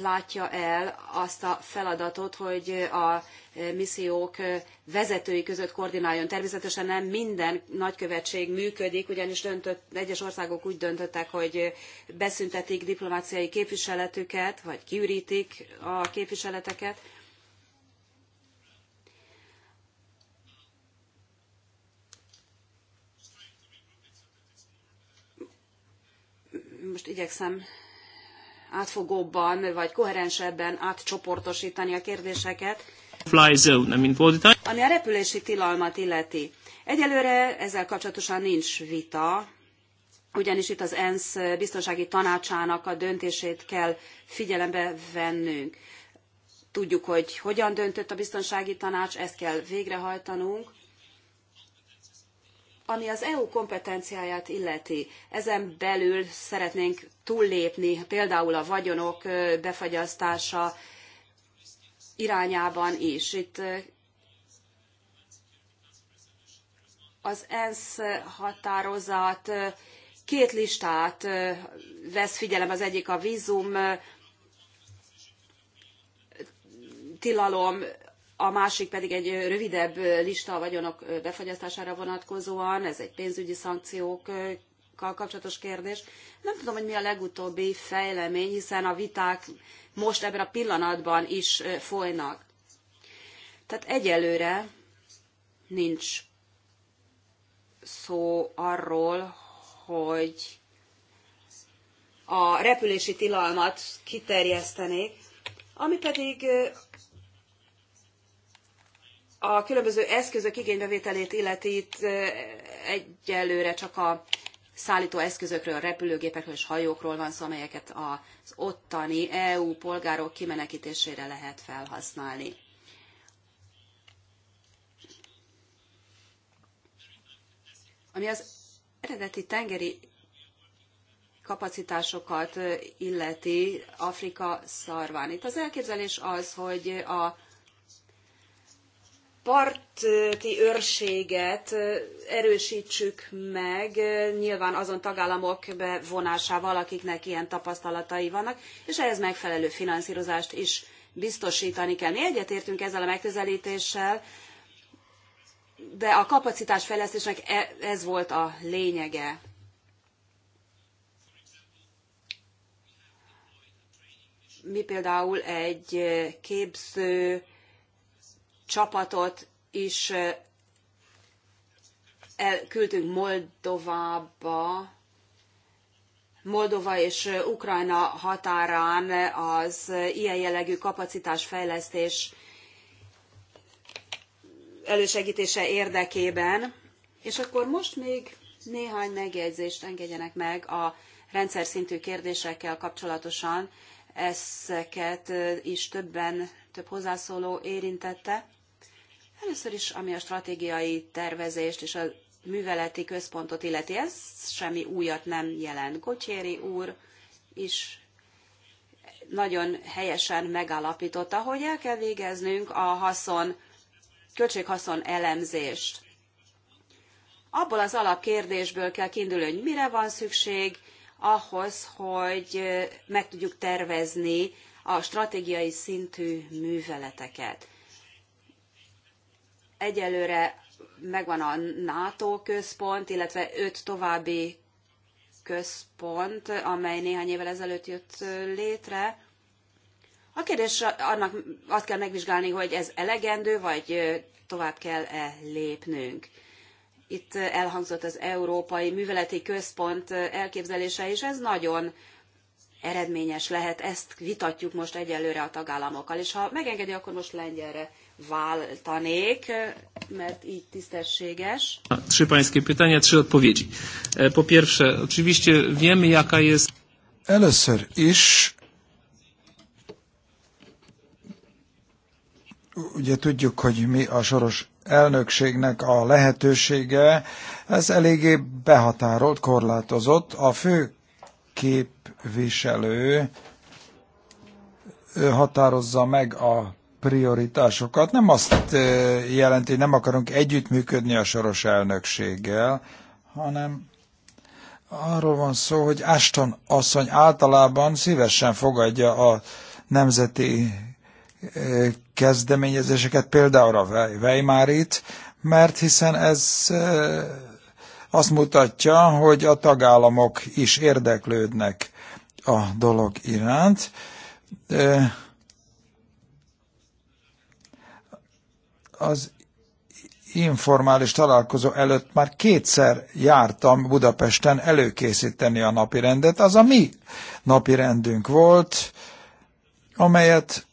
látja el azt a feladatot, hogy a e, missziók e, vezetői között koordináljon. Természetesen nem minden nagykövetség működik, ugyanis döntött, egyes országok úgy döntöttek, hogy beszüntetik diplomáciai képviseletüket, vagy kiürítik a képviseleteket. Most igyekszem átfogóbban vagy koherensebben átcsoportosítani a kérdéseket. Fly zone, mint fordítani. Ami a repülési tilalmat illeti. Egyelőre ezzel kapcsolatosan nincs vita, ugyanis itt az ENSZ biztonsági tanácsának a döntését kell figyelembe vennünk. Tudjuk, hogy hogyan döntött a biztonsági tanács, ezt kell végrehajtanunk. Ami az EU kompetenciáját illeti, ezen belül szeretnénk túllépni például a vagyonok befagyasztása irányában is. Itt az ENSZ határozat két listát vesz figyelem, az egyik a vízum tilalom a másik pedig egy rövidebb lista a vagyonok befagyasztására vonatkozóan, ez egy pénzügyi szankciókkal kapcsolatos kérdés. Nem tudom, hogy mi a legutóbbi fejlemény, hiszen a viták most ebben a pillanatban is folynak. Tehát egyelőre nincs szó arról, hogy a repülési tilalmat kiterjesztenék, ami pedig a különböző eszközök igénybevételét illeti itt egyelőre csak a szállító eszközökről, repülőgépekről és hajókról van szó, amelyeket az ottani EU polgárok kimenekítésére lehet felhasználni. Ami az eredeti tengeri kapacitásokat illeti Afrika szarván. Itt az elképzelés az, hogy a parti őrséget erősítsük meg, nyilván azon tagállamok bevonásával, akiknek ilyen tapasztalatai vannak, és ehhez megfelelő finanszírozást is biztosítani kell. Mi egyetértünk ezzel a megközelítéssel, de a kapacitásfejlesztésnek e, ez volt a lényege. Mi például egy képző csapatot is küldtünk Moldovába, Moldova és Ukrajna határán az ilyen jellegű kapacitásfejlesztés elősegítése érdekében. És akkor most még néhány megjegyzést engedjenek meg a rendszer szintű kérdésekkel kapcsolatosan. Ezeket is többen, több hozzászóló érintette. Először is, ami a stratégiai tervezést és a műveleti központot illeti, ez semmi újat nem jelent. Gocséri úr is nagyon helyesen megállapította, hogy el kell végeznünk a haszon, költséghaszon elemzést. Abból az alapkérdésből kell kiindulni, hogy mire van szükség ahhoz, hogy meg tudjuk tervezni a stratégiai szintű műveleteket. Egyelőre megvan a NATO központ, illetve öt további központ, amely néhány évvel ezelőtt jött létre. A kérdés annak azt kell megvizsgálni, hogy ez elegendő, vagy tovább kell-e lépnünk. Itt elhangzott az Európai Műveleti Központ elképzelése, és ez nagyon eredményes lehet, ezt vitatjuk most egyelőre a tagállamokkal. És ha megengedi, akkor most lengyelre váltanék, mert így tisztességes. Trzy pańskie pytania, trzy odpowiedzi. E, po pierwsze, oczywiście wiemy jaka jest... Először is ugye tudjuk, hogy mi a soros elnökségnek a lehetősége, ez eléggé behatárolt, korlátozott. A fő képviselő határozza meg a prioritásokat. Nem azt eh, jelenti, hogy nem akarunk együttműködni a soros elnökséggel, hanem arról van szó, hogy Ashton asszony általában szívesen fogadja a nemzeti eh, kezdeményezéseket, például a Weimarit, mert hiszen ez eh, azt mutatja, hogy a tagállamok is érdeklődnek a dolog iránt. az informális találkozó előtt már kétszer jártam Budapesten előkészíteni a napirendet. Az a mi napirendünk volt, amelyet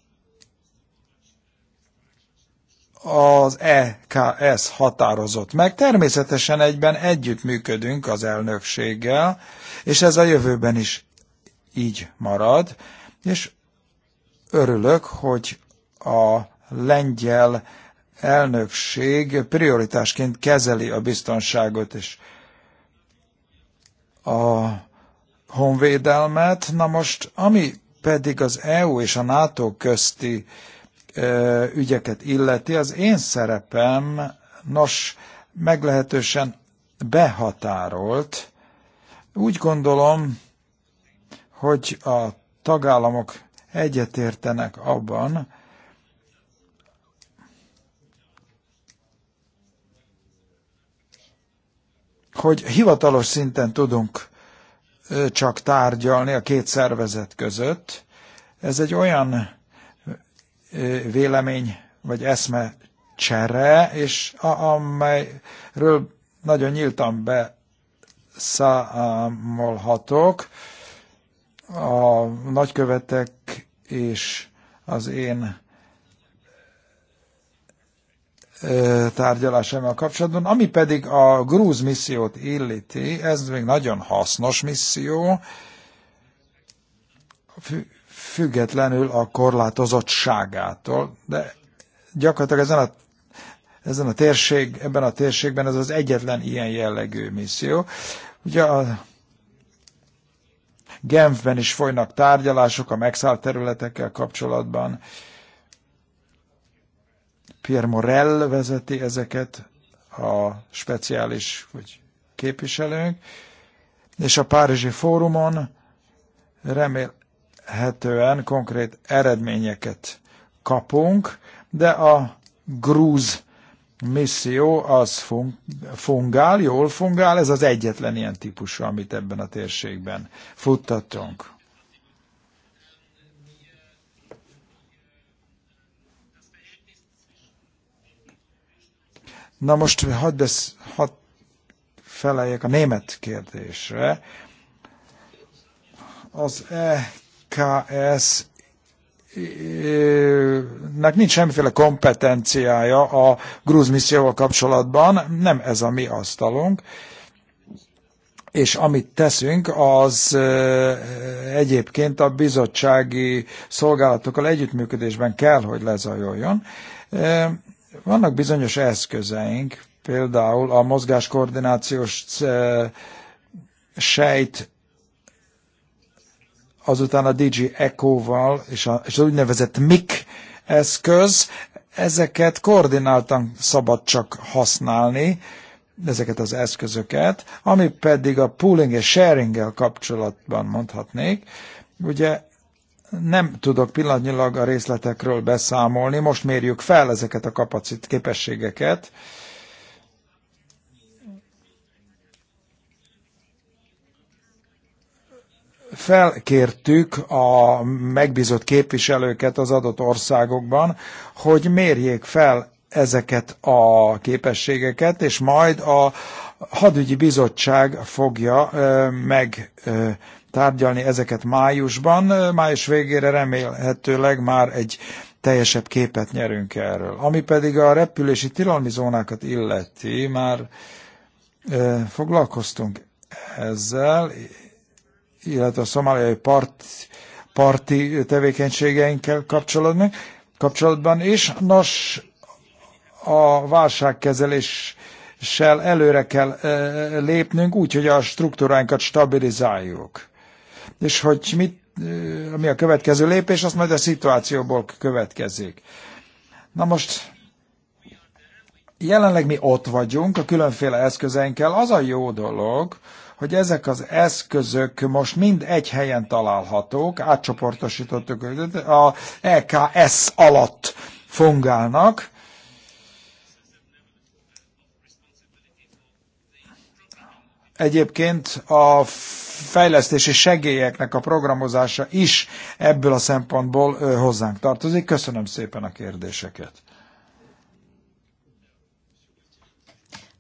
az EKS határozott meg. Természetesen egyben együttműködünk az elnökséggel, és ez a jövőben is így marad, és örülök, hogy a lengyel elnökség prioritásként kezeli a biztonságot és a honvédelmet. Na most, ami pedig az EU és a NATO közti ö, ügyeket illeti, az én szerepem, nos, meglehetősen behatárolt. Úgy gondolom, hogy a tagállamok egyetértenek abban, hogy hivatalos szinten tudunk csak tárgyalni a két szervezet között. Ez egy olyan vélemény vagy eszme csere, és amelyről nagyon nyíltan beszámolhatok. A nagykövetek és az én tárgyalásával kapcsolatban. Ami pedig a grúz missziót illeti, ez még nagyon hasznos misszió, függetlenül a korlátozottságától, de gyakorlatilag ezen a, ezen a térség, ebben a térségben ez az egyetlen ilyen jellegű misszió. Ugye a Genfben is folynak tárgyalások a megszállt területekkel kapcsolatban, Pierre Morel vezeti ezeket, a speciális vagy képviselőnk, és a Párizsi Fórumon remélhetően konkrét eredményeket kapunk, de a grúz misszió az fun fungál, jól fungál, ez az egyetlen ilyen típusú, amit ebben a térségben futtatunk. Na most hadd, besz, hadd feleljek a német kérdésre. Az EKS nek nincs semmiféle kompetenciája a grúz misszióval kapcsolatban, nem ez a mi asztalunk, és amit teszünk, az egyébként a bizottsági szolgálatokkal együttműködésben kell, hogy lezajoljon. Vannak bizonyos eszközeink, például a mozgáskoordinációs eh, sejt, azután a DG Echo-val és, a, és az úgynevezett MIC eszköz, ezeket koordináltan szabad csak használni, ezeket az eszközöket, ami pedig a pooling és sharing-el kapcsolatban mondhatnék. Ugye nem tudok pillanatnyilag a részletekről beszámolni, most mérjük fel ezeket a kapacit képességeket. felkértük a megbízott képviselőket az adott országokban, hogy mérjék fel ezeket a képességeket, és majd a hadügyi bizottság fogja meg tárgyalni ezeket májusban. Május végére remélhetőleg már egy teljesebb képet nyerünk erről. Ami pedig a repülési tilalmi zónákat illeti, már foglalkoztunk ezzel, illetve a szomáliai part, parti tevékenységeinkkel kapcsolatban, kapcsolatban is. Nos, a válságkezeléssel előre kell lépnünk, úgy, hogy a struktúránkat stabilizáljuk és hogy mit, mi a következő lépés, azt majd a szituációból következik. Na most jelenleg mi ott vagyunk a különféle eszközeinkkel. Az a jó dolog, hogy ezek az eszközök most mind egy helyen találhatók, átcsoportosítottuk a EKS alatt fungálnak. Egyébként a fejlesztési segélyeknek a programozása is ebből a szempontból hozzánk tartozik. Köszönöm szépen a kérdéseket.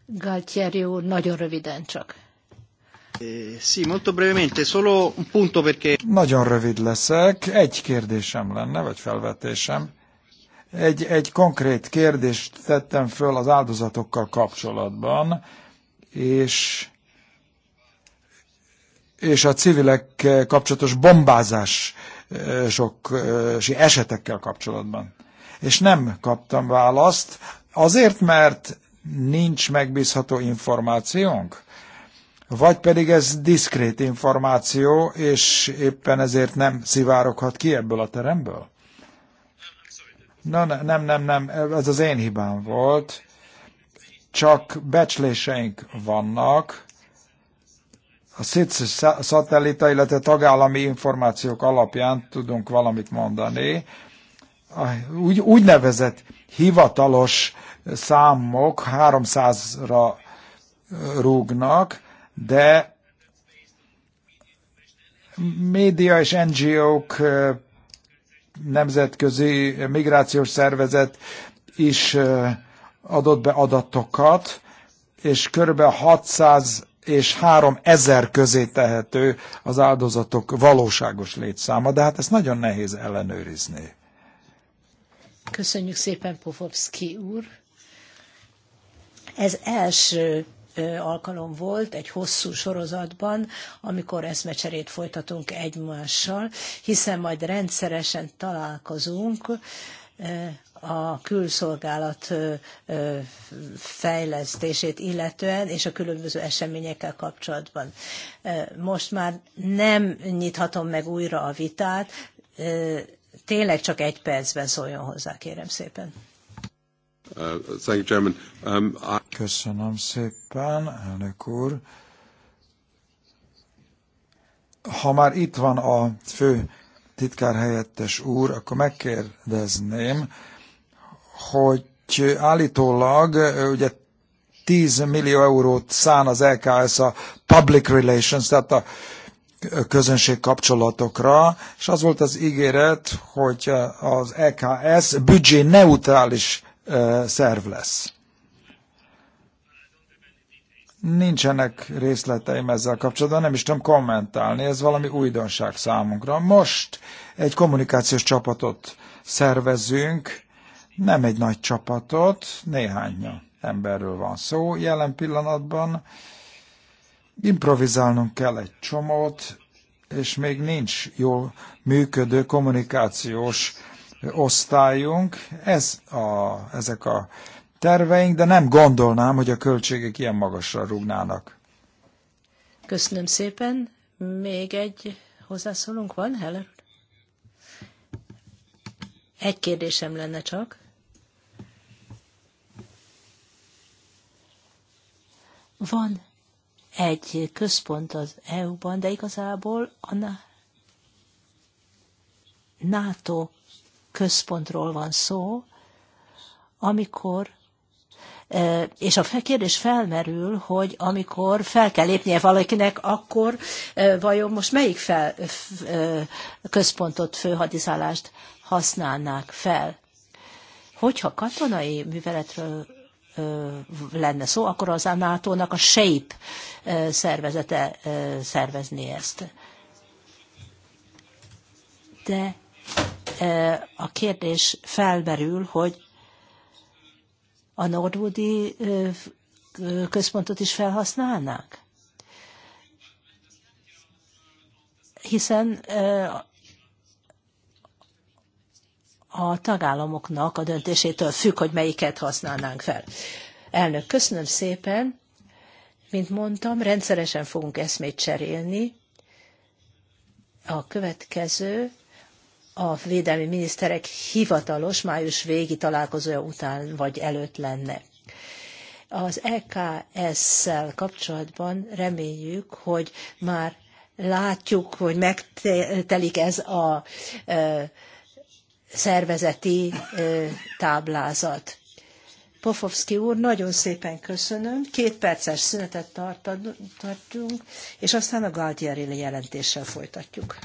Galtieri úr, nagyon röviden csak. Eh, molto brevemente, solo un punto perché... Nagyon rövid leszek. Egy kérdésem lenne, vagy felvetésem. Egy, egy konkrét kérdést tettem föl az áldozatokkal kapcsolatban, és és a civilek kapcsolatos bombázás eh, soksi eh, esetekkel kapcsolatban. És nem kaptam választ, azért, mert nincs megbízható információnk, vagy pedig ez diszkrét információ, és éppen ezért nem szivároghat ki ebből a teremből? Na, nem, nem, nem, ez az én hibám volt. Csak becsléseink vannak, a SZIC szatellita, illetve tagállami információk alapján tudunk valamit mondani. A úgy, úgynevezett hivatalos számok 300-ra rúgnak, de média és NGO-k, nemzetközi migrációs szervezet is adott be adatokat, és kb. 600 és 3 ezer közé tehető az áldozatok valóságos létszáma, de hát ezt nagyon nehéz ellenőrizni. Köszönjük szépen, Pofovszki úr. Ez első alkalom volt egy hosszú sorozatban, amikor eszmecserét folytatunk egymással, hiszen majd rendszeresen találkozunk a külszolgálat fejlesztését illetően és a különböző eseményekkel kapcsolatban. Most már nem nyithatom meg újra a vitát, tényleg csak egy percben szóljon hozzá, kérem szépen. Uh, um, Köszönöm szépen, elnök úr. Ha már itt van a fő titkár helyettes úr, akkor megkérdezném, hogy állítólag ugye 10 millió eurót szán az LKS a public relations, tehát a közönség kapcsolatokra, és az volt az ígéret, hogy az EKS büdzsé neutrális szerv lesz. Nincsenek részleteim ezzel kapcsolatban, nem is tudom kommentálni, ez valami újdonság számunkra. Most egy kommunikációs csapatot szervezünk, nem egy nagy csapatot, néhány emberről van szó jelen pillanatban. Improvizálnunk kell egy csomót, és még nincs jól működő kommunikációs osztályunk. Ez a, ezek a terveink, de nem gondolnám, hogy a költségek ilyen magasra rúgnának. Köszönöm szépen. Még egy hozzászólunk van, Heller? Egy kérdésem lenne csak. Van egy központ az EU-ban, de igazából a NATO központról van szó, amikor e, és a kérdés felmerül, hogy amikor fel kell lépnie valakinek, akkor e, vajon most melyik fel, e, központot, főhadiszállást használnák fel? Hogyha katonai műveletről lenne szó, akkor az a NATO-nak a SHAPE szervezete szervezni ezt. De a kérdés felmerül, hogy a Nordwoodi központot is felhasználnák? Hiszen a tagállamoknak a döntésétől függ, hogy melyiket használnánk fel. Elnök, köszönöm szépen. Mint mondtam, rendszeresen fogunk eszmét cserélni. A következő a védelmi miniszterek hivatalos május végi találkozója után vagy előtt lenne. Az EKS-szel kapcsolatban reméljük, hogy már látjuk, hogy megtelik ez a szervezeti táblázat. Pofovszki úr, nagyon szépen köszönöm. Két perces szünetet tartunk, és aztán a Galtieri jelentéssel folytatjuk.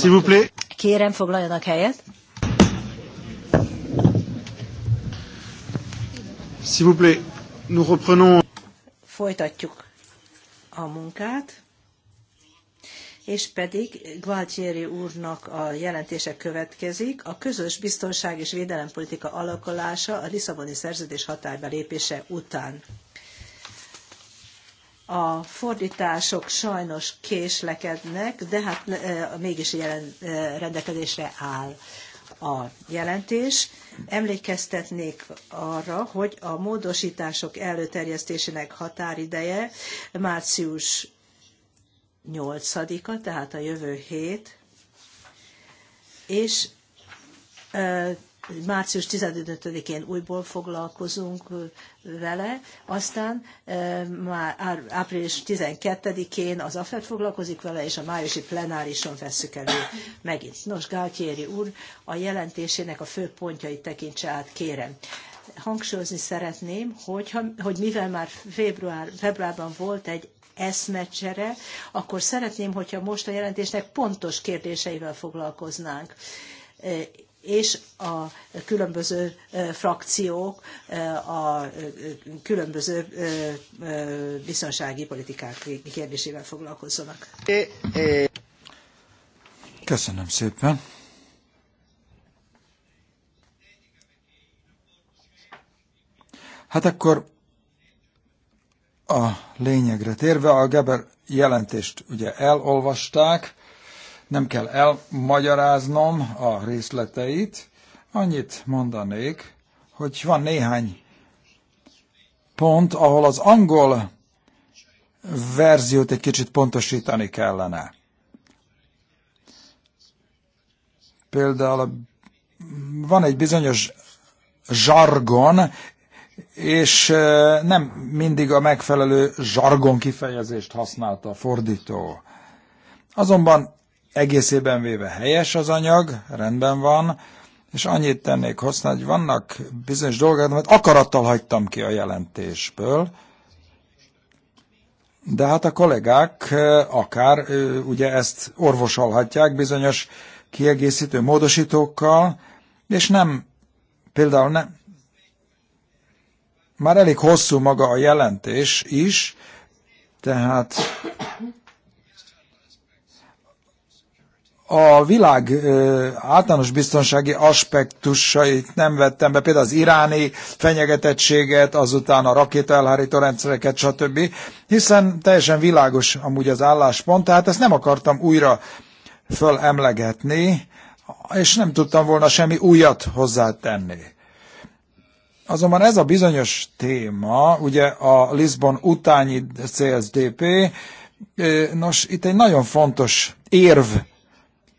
S'il vous plaît. Kérem, foglaljanak helyet. S'il vous plaît, nous reprenons. Folytatjuk a munkát, és pedig Gualtieri úrnak a jelentése következik, a közös biztonság és védelempolitika alakulása a Lisszaboni szerződés hatályba után. A fordítások sajnos késlekednek, de hát e, mégis jelen, e, rendelkezésre áll a jelentés. Emlékeztetnék arra, hogy a módosítások előterjesztésének határideje március 8-a, tehát a jövő hét, és e, március 15-én újból foglalkozunk vele, aztán már április 12-én az AFET foglalkozik vele, és a májusi plenárison veszük elő megint. Nos, Gáltyéri úr, a jelentésének a fő pontjait tekintse át, kérem. Hangsúlyozni szeretném, hogy, hogy mivel már február, februárban volt egy eszmecsere, akkor szeretném, hogyha most a jelentésnek pontos kérdéseivel foglalkoznánk és a különböző frakciók a különböző biztonsági politikák kérdésével foglalkozzanak. Köszönöm szépen. Hát akkor a lényegre térve, a Geber jelentést ugye elolvasták, nem kell elmagyaráznom a részleteit, annyit mondanék, hogy van néhány pont, ahol az angol verziót egy kicsit pontosítani kellene. Például van egy bizonyos zsargon, és nem mindig a megfelelő zsargon kifejezést használta a fordító. Azonban egészében véve helyes az anyag, rendben van, és annyit tennék hozzá, hogy vannak bizonyos dolgok, amit akarattal hagytam ki a jelentésből, de hát a kollégák akár ugye ezt orvosolhatják bizonyos kiegészítő módosítókkal, és nem, például nem, már elég hosszú maga a jelentés is, tehát a világ általános biztonsági aspektusait nem vettem be, például az iráni fenyegetettséget, azután a rakétaelhárító rendszereket, stb., hiszen teljesen világos amúgy az álláspont, tehát ezt nem akartam újra fölemlegetni, és nem tudtam volna semmi újat hozzátenni. Azonban ez a bizonyos téma, ugye a Lisbon utáni CSDP, nos, itt egy nagyon fontos érv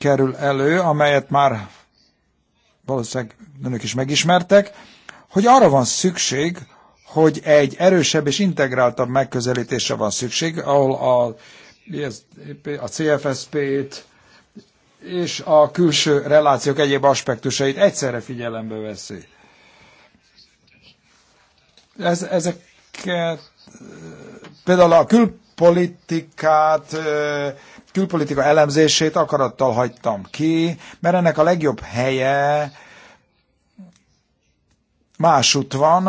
kerül elő, amelyet már valószínűleg önök is megismertek, hogy arra van szükség, hogy egy erősebb és integráltabb megközelítésre van szükség, ahol a, a CFSP-t és a külső relációk egyéb aspektusait egyszerre figyelembe veszi. Ez, ezeket például a külpolitikát külpolitika elemzését akarattal hagytam ki, mert ennek a legjobb helye másút van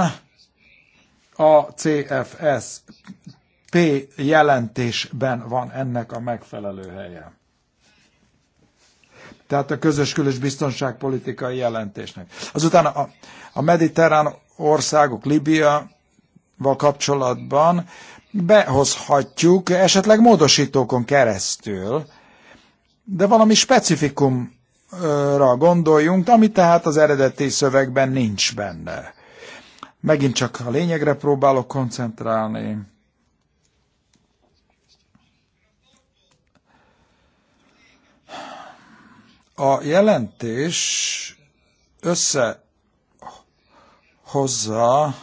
a CFSP jelentésben van ennek a megfelelő helye. Tehát a közös külös biztonságpolitikai jelentésnek. Azután a, a mediterrán országok Libia, kapcsolatban behozhatjuk, esetleg módosítókon keresztül, de valami specifikumra gondoljunk, ami tehát az eredeti szövegben nincs benne. Megint csak a lényegre próbálok koncentrálni. A jelentés összehozza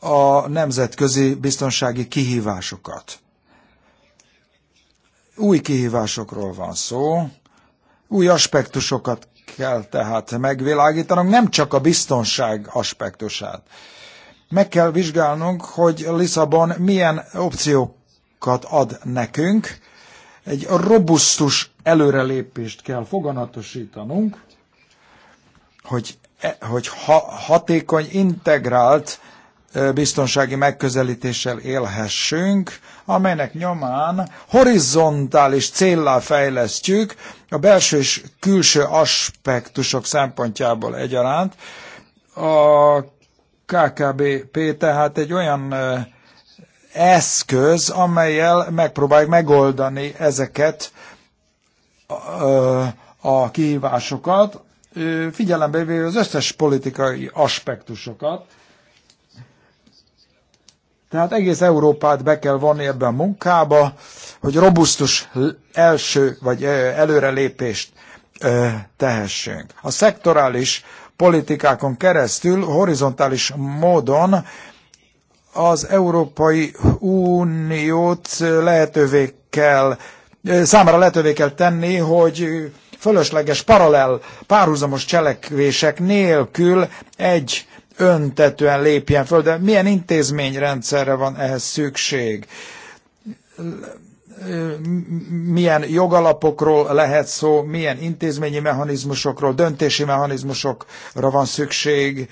a nemzetközi biztonsági kihívásokat. Új kihívásokról van szó, új aspektusokat kell tehát megvilágítanunk, nem csak a biztonság aspektusát. Meg kell vizsgálnunk, hogy Lisszabon milyen opciókat ad nekünk, egy robusztus előrelépést kell foganatosítanunk, hogy, e, hogy ha, hatékony, integrált biztonsági megközelítéssel élhessünk, amelynek nyomán horizontális céllá fejlesztjük a belső és külső aspektusok szempontjából egyaránt. A KKBP tehát egy olyan eszköz, amelyel megpróbáljuk megoldani ezeket a kihívásokat, figyelembe véve az összes politikai aspektusokat, tehát egész Európát be kell vonni ebbe a munkába, hogy robusztus első vagy előrelépést tehessünk. A szektorális politikákon keresztül horizontális módon az Európai Uniót lehetővé kell, számára lehetővé kell tenni, hogy fölösleges, paralel, párhuzamos cselekvések nélkül egy öntetően lépjen föl, de milyen intézményrendszerre van ehhez szükség? milyen jogalapokról lehet szó, milyen intézményi mechanizmusokról, döntési mechanizmusokra van szükség.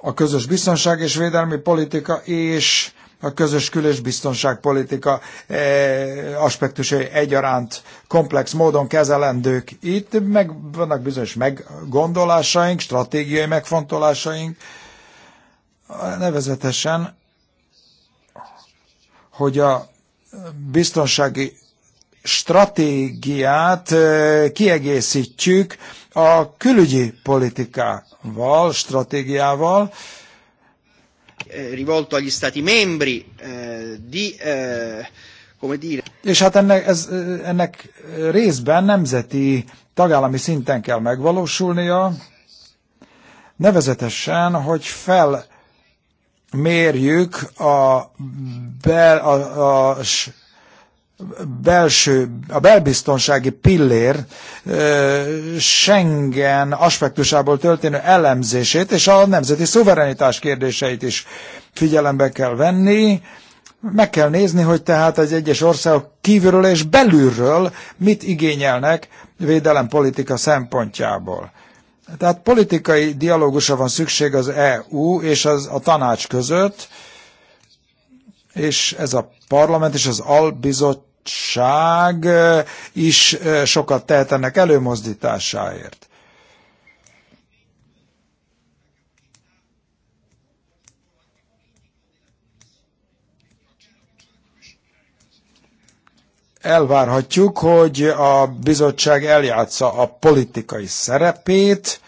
A közös biztonság és védelmi politika és a közös kül- és biztonságpolitika eh, aspektusai egyaránt komplex módon kezelendők. Itt meg vannak bizonyos meggondolásaink, stratégiai megfontolásaink, nevezetesen, hogy a biztonsági stratégiát eh, kiegészítjük a külügyi politikával, stratégiával, Eh, rivolto agli Stati membri eh, di eh, come dire. És hát ennek, ez, eh, ennek részben nemzeti tagállami szinten kell megvalósulnia, nevezetesen, hogy felmérjük a, bel, a, a belső, a belbiztonsági pillér Schengen aspektusából történő elemzését és a nemzeti szuverenitás kérdéseit is figyelembe kell venni. Meg kell nézni, hogy tehát az egyes országok kívülről és belülről mit igényelnek védelempolitika szempontjából. Tehát politikai dialógusra van szükség az EU és az, a tanács között, és ez a parlament és az albizott bizottság is sokat tehet ennek előmozdításáért. elvárhatjuk, hogy a bizottság eljátsza a politikai szerepét,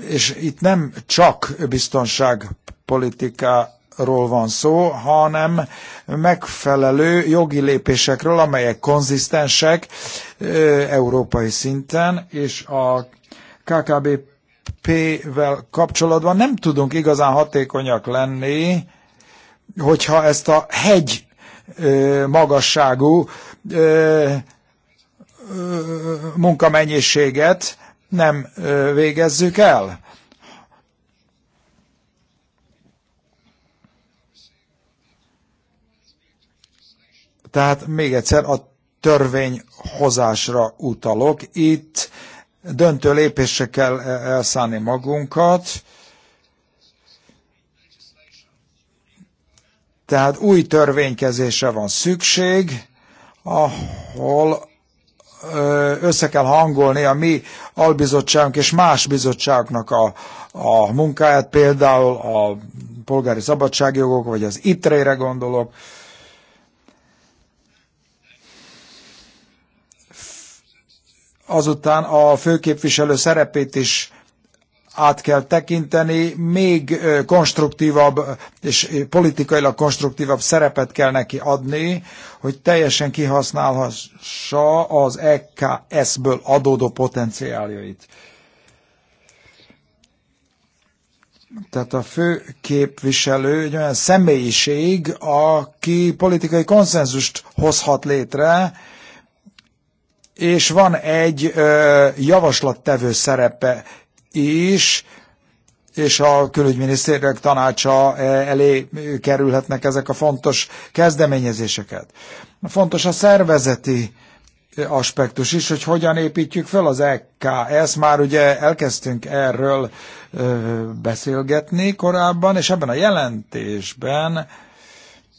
és itt nem csak biztonságpolitika ról van szó, hanem megfelelő jogi lépésekről, amelyek konzisztensek európai szinten, és a KKBP-vel kapcsolatban nem tudunk igazán hatékonyak lenni, hogyha ezt a hegy magasságú munkamennyiséget nem végezzük el. Tehát még egyszer a törvényhozásra utalok. Itt döntő lépésre kell e- elszállni magunkat. Tehát új törvénykezésre van szükség, ahol össze kell hangolni a mi albizottságunk és más bizottságoknak a, a munkáját, például a polgári szabadságjogok, vagy az ITRE-re gondolok, azután a főképviselő szerepét is át kell tekinteni, még konstruktívabb és politikailag konstruktívabb szerepet kell neki adni, hogy teljesen kihasználhassa az EKS-ből adódó potenciáljait. Tehát a fő képviselő egy olyan személyiség, aki politikai konszenzust hozhat létre, és van egy ö, javaslattevő szerepe is, és a külügyminisztériek tanácsa elé kerülhetnek ezek a fontos kezdeményezéseket. Fontos a szervezeti aspektus is, hogy hogyan építjük fel az EKS. Már ugye elkezdtünk erről beszélgetni korábban, és ebben a jelentésben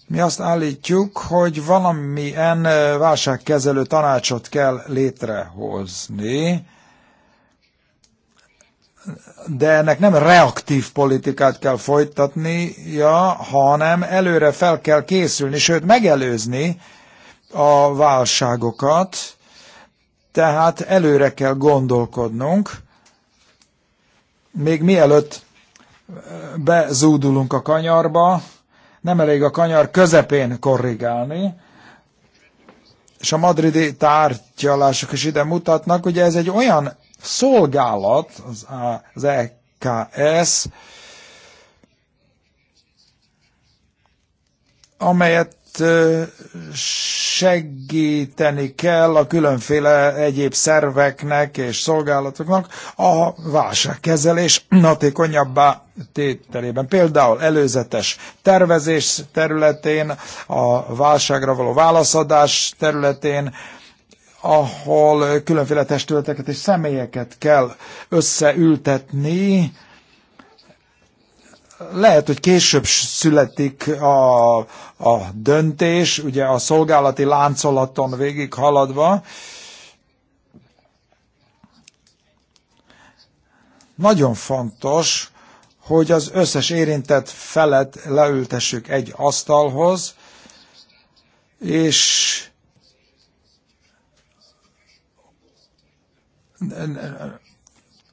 mi azt állítjuk, hogy valamilyen válságkezelő tanácsot kell létrehozni, de ennek nem reaktív politikát kell ja, hanem előre fel kell készülni, sőt megelőzni a válságokat, tehát előre kell gondolkodnunk, még mielőtt bezúdulunk a kanyarba, nem elég a kanyar közepén korrigálni, és a madridi tárgyalások is ide mutatnak, ugye ez egy olyan szolgálat, az, az EKS, amelyet segíteni kell a különféle egyéb szerveknek és szolgálatoknak a válságkezelés hatékonyabbá tételében. Például előzetes tervezés területén, a válságra való válaszadás területén, ahol különféle testületeket és személyeket kell összeültetni, lehet, hogy később születik a a döntés, ugye a szolgálati láncolaton végig haladva. Nagyon fontos, hogy az összes érintett felet leültessük egy asztalhoz, és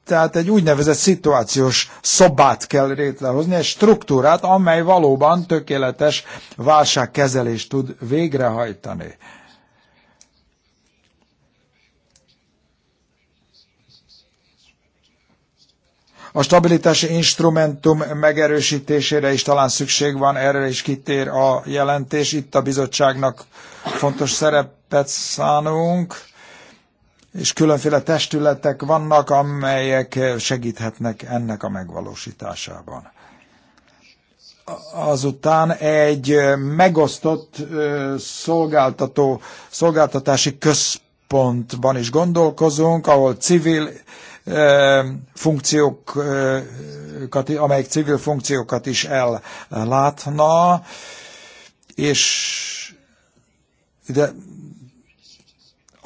tehát egy úgynevezett szituációs szobát kell rétlehozni, egy struktúrát, amely valóban tökéletes válságkezelést tud végrehajtani. A stabilitási instrumentum megerősítésére is talán szükség van, erre is kitér a jelentés. Itt a bizottságnak fontos szerepet szánunk és különféle testületek vannak, amelyek segíthetnek ennek a megvalósításában. Azután egy megosztott szolgáltató, szolgáltatási központban is gondolkozunk, ahol civil funkciókat, amelyik civil funkciókat is ellátna, és ide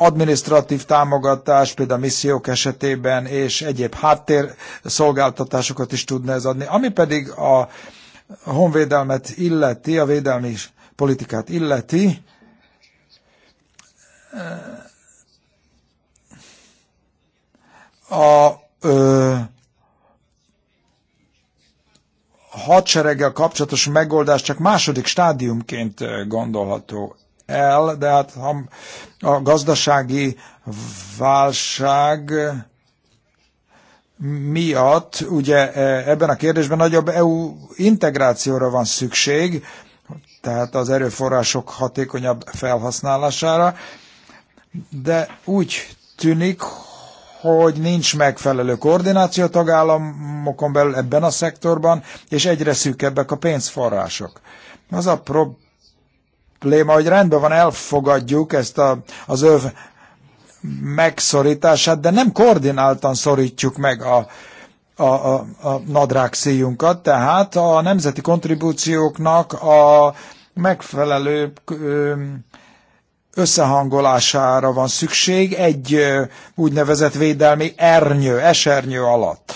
administratív támogatást, például missziók esetében, és egyéb háttérszolgáltatásokat is tudna ez adni. Ami pedig a honvédelmet illeti, a védelmi politikát illeti, a ö, hadsereggel kapcsolatos megoldás csak második stádiumként gondolható el, de hát a gazdasági válság miatt ugye e, ebben a kérdésben nagyobb EU integrációra van szükség, tehát az erőforrások hatékonyabb felhasználására, de úgy tűnik, hogy nincs megfelelő koordináció tagállamokon belül ebben a szektorban, és egyre szűkebbek a pénzforrások. Az a pro- probléma, hogy rendben van, elfogadjuk ezt a, az öv megszorítását, de nem koordináltan szorítjuk meg a, a, a, a nadrág szíjunkat, tehát a nemzeti kontribúcióknak a megfelelő összehangolására van szükség egy úgynevezett védelmi ernyő, esernyő alatt.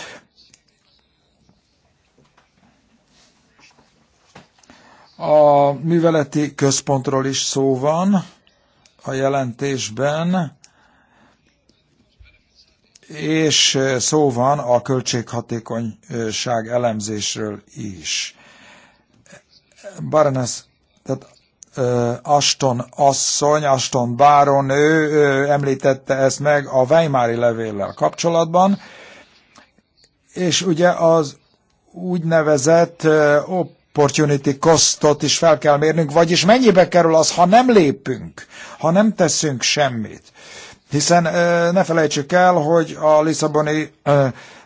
A műveleti központról is szó van a jelentésben, és szó van a költséghatékonyság elemzésről is. Baroness, tehát Aston asszony, Aston Báron, ő, ő említette ezt meg a Weimári levéllel kapcsolatban, és ugye az úgynevezett op opportunity costot is fel kell mérnünk, vagyis mennyibe kerül az, ha nem lépünk, ha nem teszünk semmit. Hiszen ne felejtsük el, hogy a Lisszaboni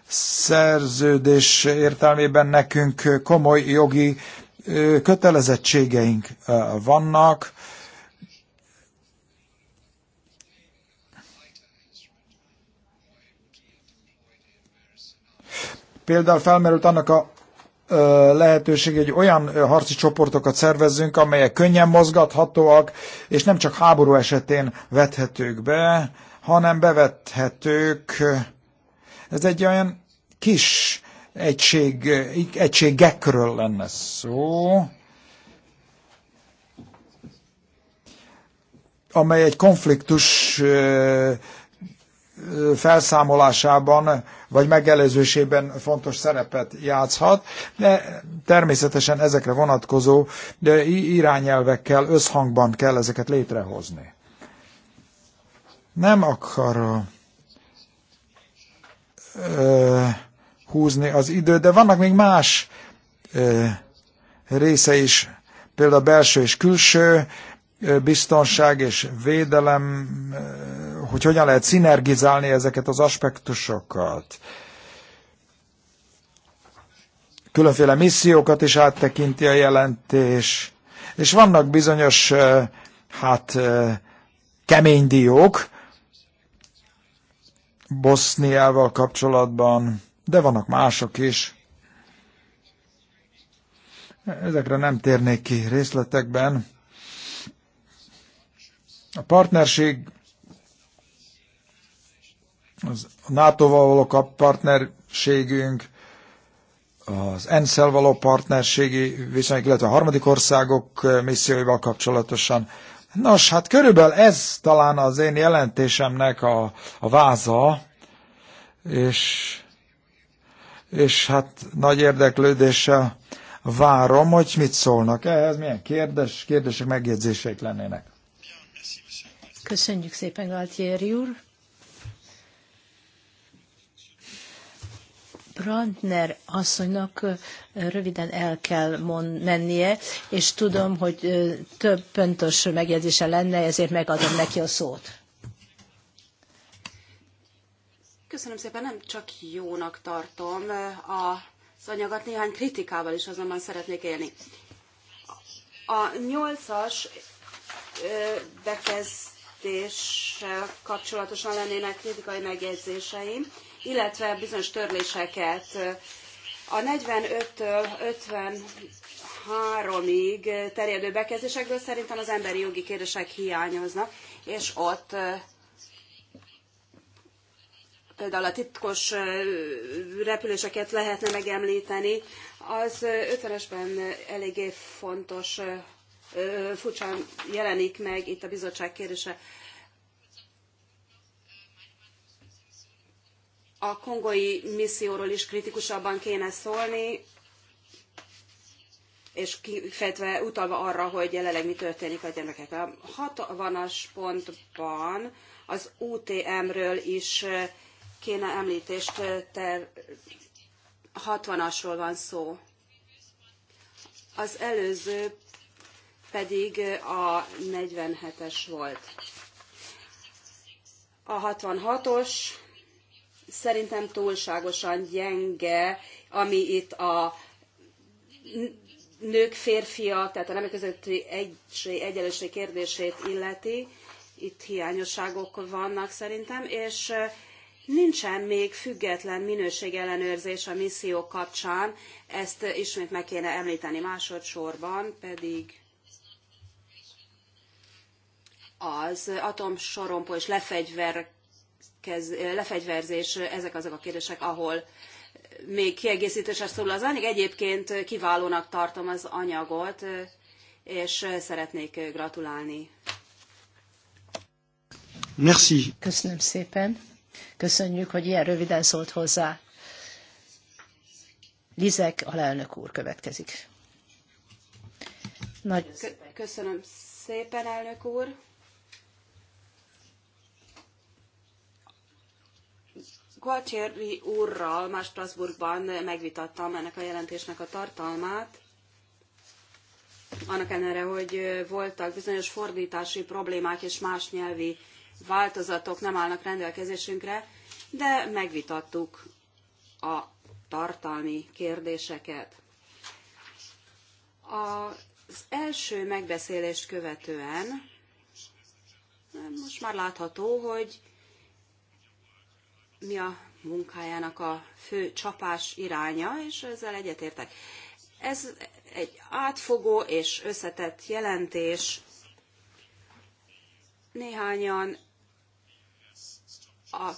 szerződés értelmében nekünk komoly jogi kötelezettségeink vannak, Például felmerült annak a lehetőség, egy olyan harci csoportokat szervezzünk, amelyek könnyen mozgathatóak, és nem csak háború esetén vethetők be, hanem bevethetők. Ez egy olyan kis egység, egységekről lenne szó, amely egy konfliktus felszámolásában vagy megelőzésében fontos szerepet játszhat, de természetesen ezekre vonatkozó de irányelvekkel összhangban kell ezeket létrehozni. Nem akar ö, húzni az idő, de vannak még más ö, része is, például belső és külső biztonság és védelem, hogy hogyan lehet szinergizálni ezeket az aspektusokat. Különféle missziókat is áttekinti a jelentés, és vannak bizonyos, hát, kemény diók Boszniával kapcsolatban, de vannak mások is. Ezekre nem térnék ki részletekben a partnerség, az a NATO-val való a partnerségünk, az ENSZ-el való partnerségi viszonyok, illetve a harmadik országok eh, misszióival kapcsolatosan. Nos, hát körülbelül ez talán az én jelentésemnek a, a váza, és, és hát nagy érdeklődéssel várom, hogy mit szólnak ehhez, milyen kérdés, kérdések, megjegyzések lennének. Köszönjük szépen, Galtieri úr. Brandner asszonynak röviden el kell mennie, és tudom, hogy több pontos megjegyzése lenne, ezért megadom neki a szót. Köszönöm szépen, nem csak jónak tartom a szanyagat néhány kritikával is azonban szeretnék élni. A nyolcas bekezd jelentéssel kapcsolatosan lennének kritikai megjegyzéseim, illetve bizonyos törléseket. A 45-től 53-ig terjedő bekezdésekből szerintem az emberi jogi kérdések hiányoznak, és ott például a titkos repüléseket lehetne megemlíteni. Az 50-esben eléggé fontos furcsán jelenik meg itt a bizottság kérdése. A kongói misszióról is kritikusabban kéne szólni, és kifejtve utalva arra, hogy jelenleg mi történik a gyermekekkel. A 60-as pontban az UTM-ről is kéne említést, ter 60-asról van szó. Az előző pedig a 47-es volt. A 66-os szerintem túlságosan gyenge, ami itt a nők, férfia, tehát a nemek közötti egység, egyenlőség kérdését illeti. Itt hiányosságok vannak szerintem, és nincsen még független minőségellenőrzés a misszió kapcsán, ezt ismét meg kéne említeni másodszorban, pedig az atomsorompó és lefegyver, lefegyverzés, ezek azok a kérdések, ahol még kiegészítésre szól az anyag. Egyébként kiválónak tartom az anyagot, és szeretnék gratulálni. Merci. Köszönöm szépen. Köszönjük, hogy ilyen röviden szólt hozzá. Lizek alelnök úr következik. Nagy... Köszönöm szépen, elnök úr. Gualtieri úrral már Strasbourgban megvitattam ennek a jelentésnek a tartalmát, annak ellenére, hogy voltak bizonyos fordítási problémák és más nyelvi változatok nem állnak rendelkezésünkre, de megvitattuk a tartalmi kérdéseket. Az első megbeszélést követően most már látható, hogy mi a munkájának a fő csapás iránya, és ezzel egyetértek. Ez egy átfogó és összetett jelentés. Néhányan a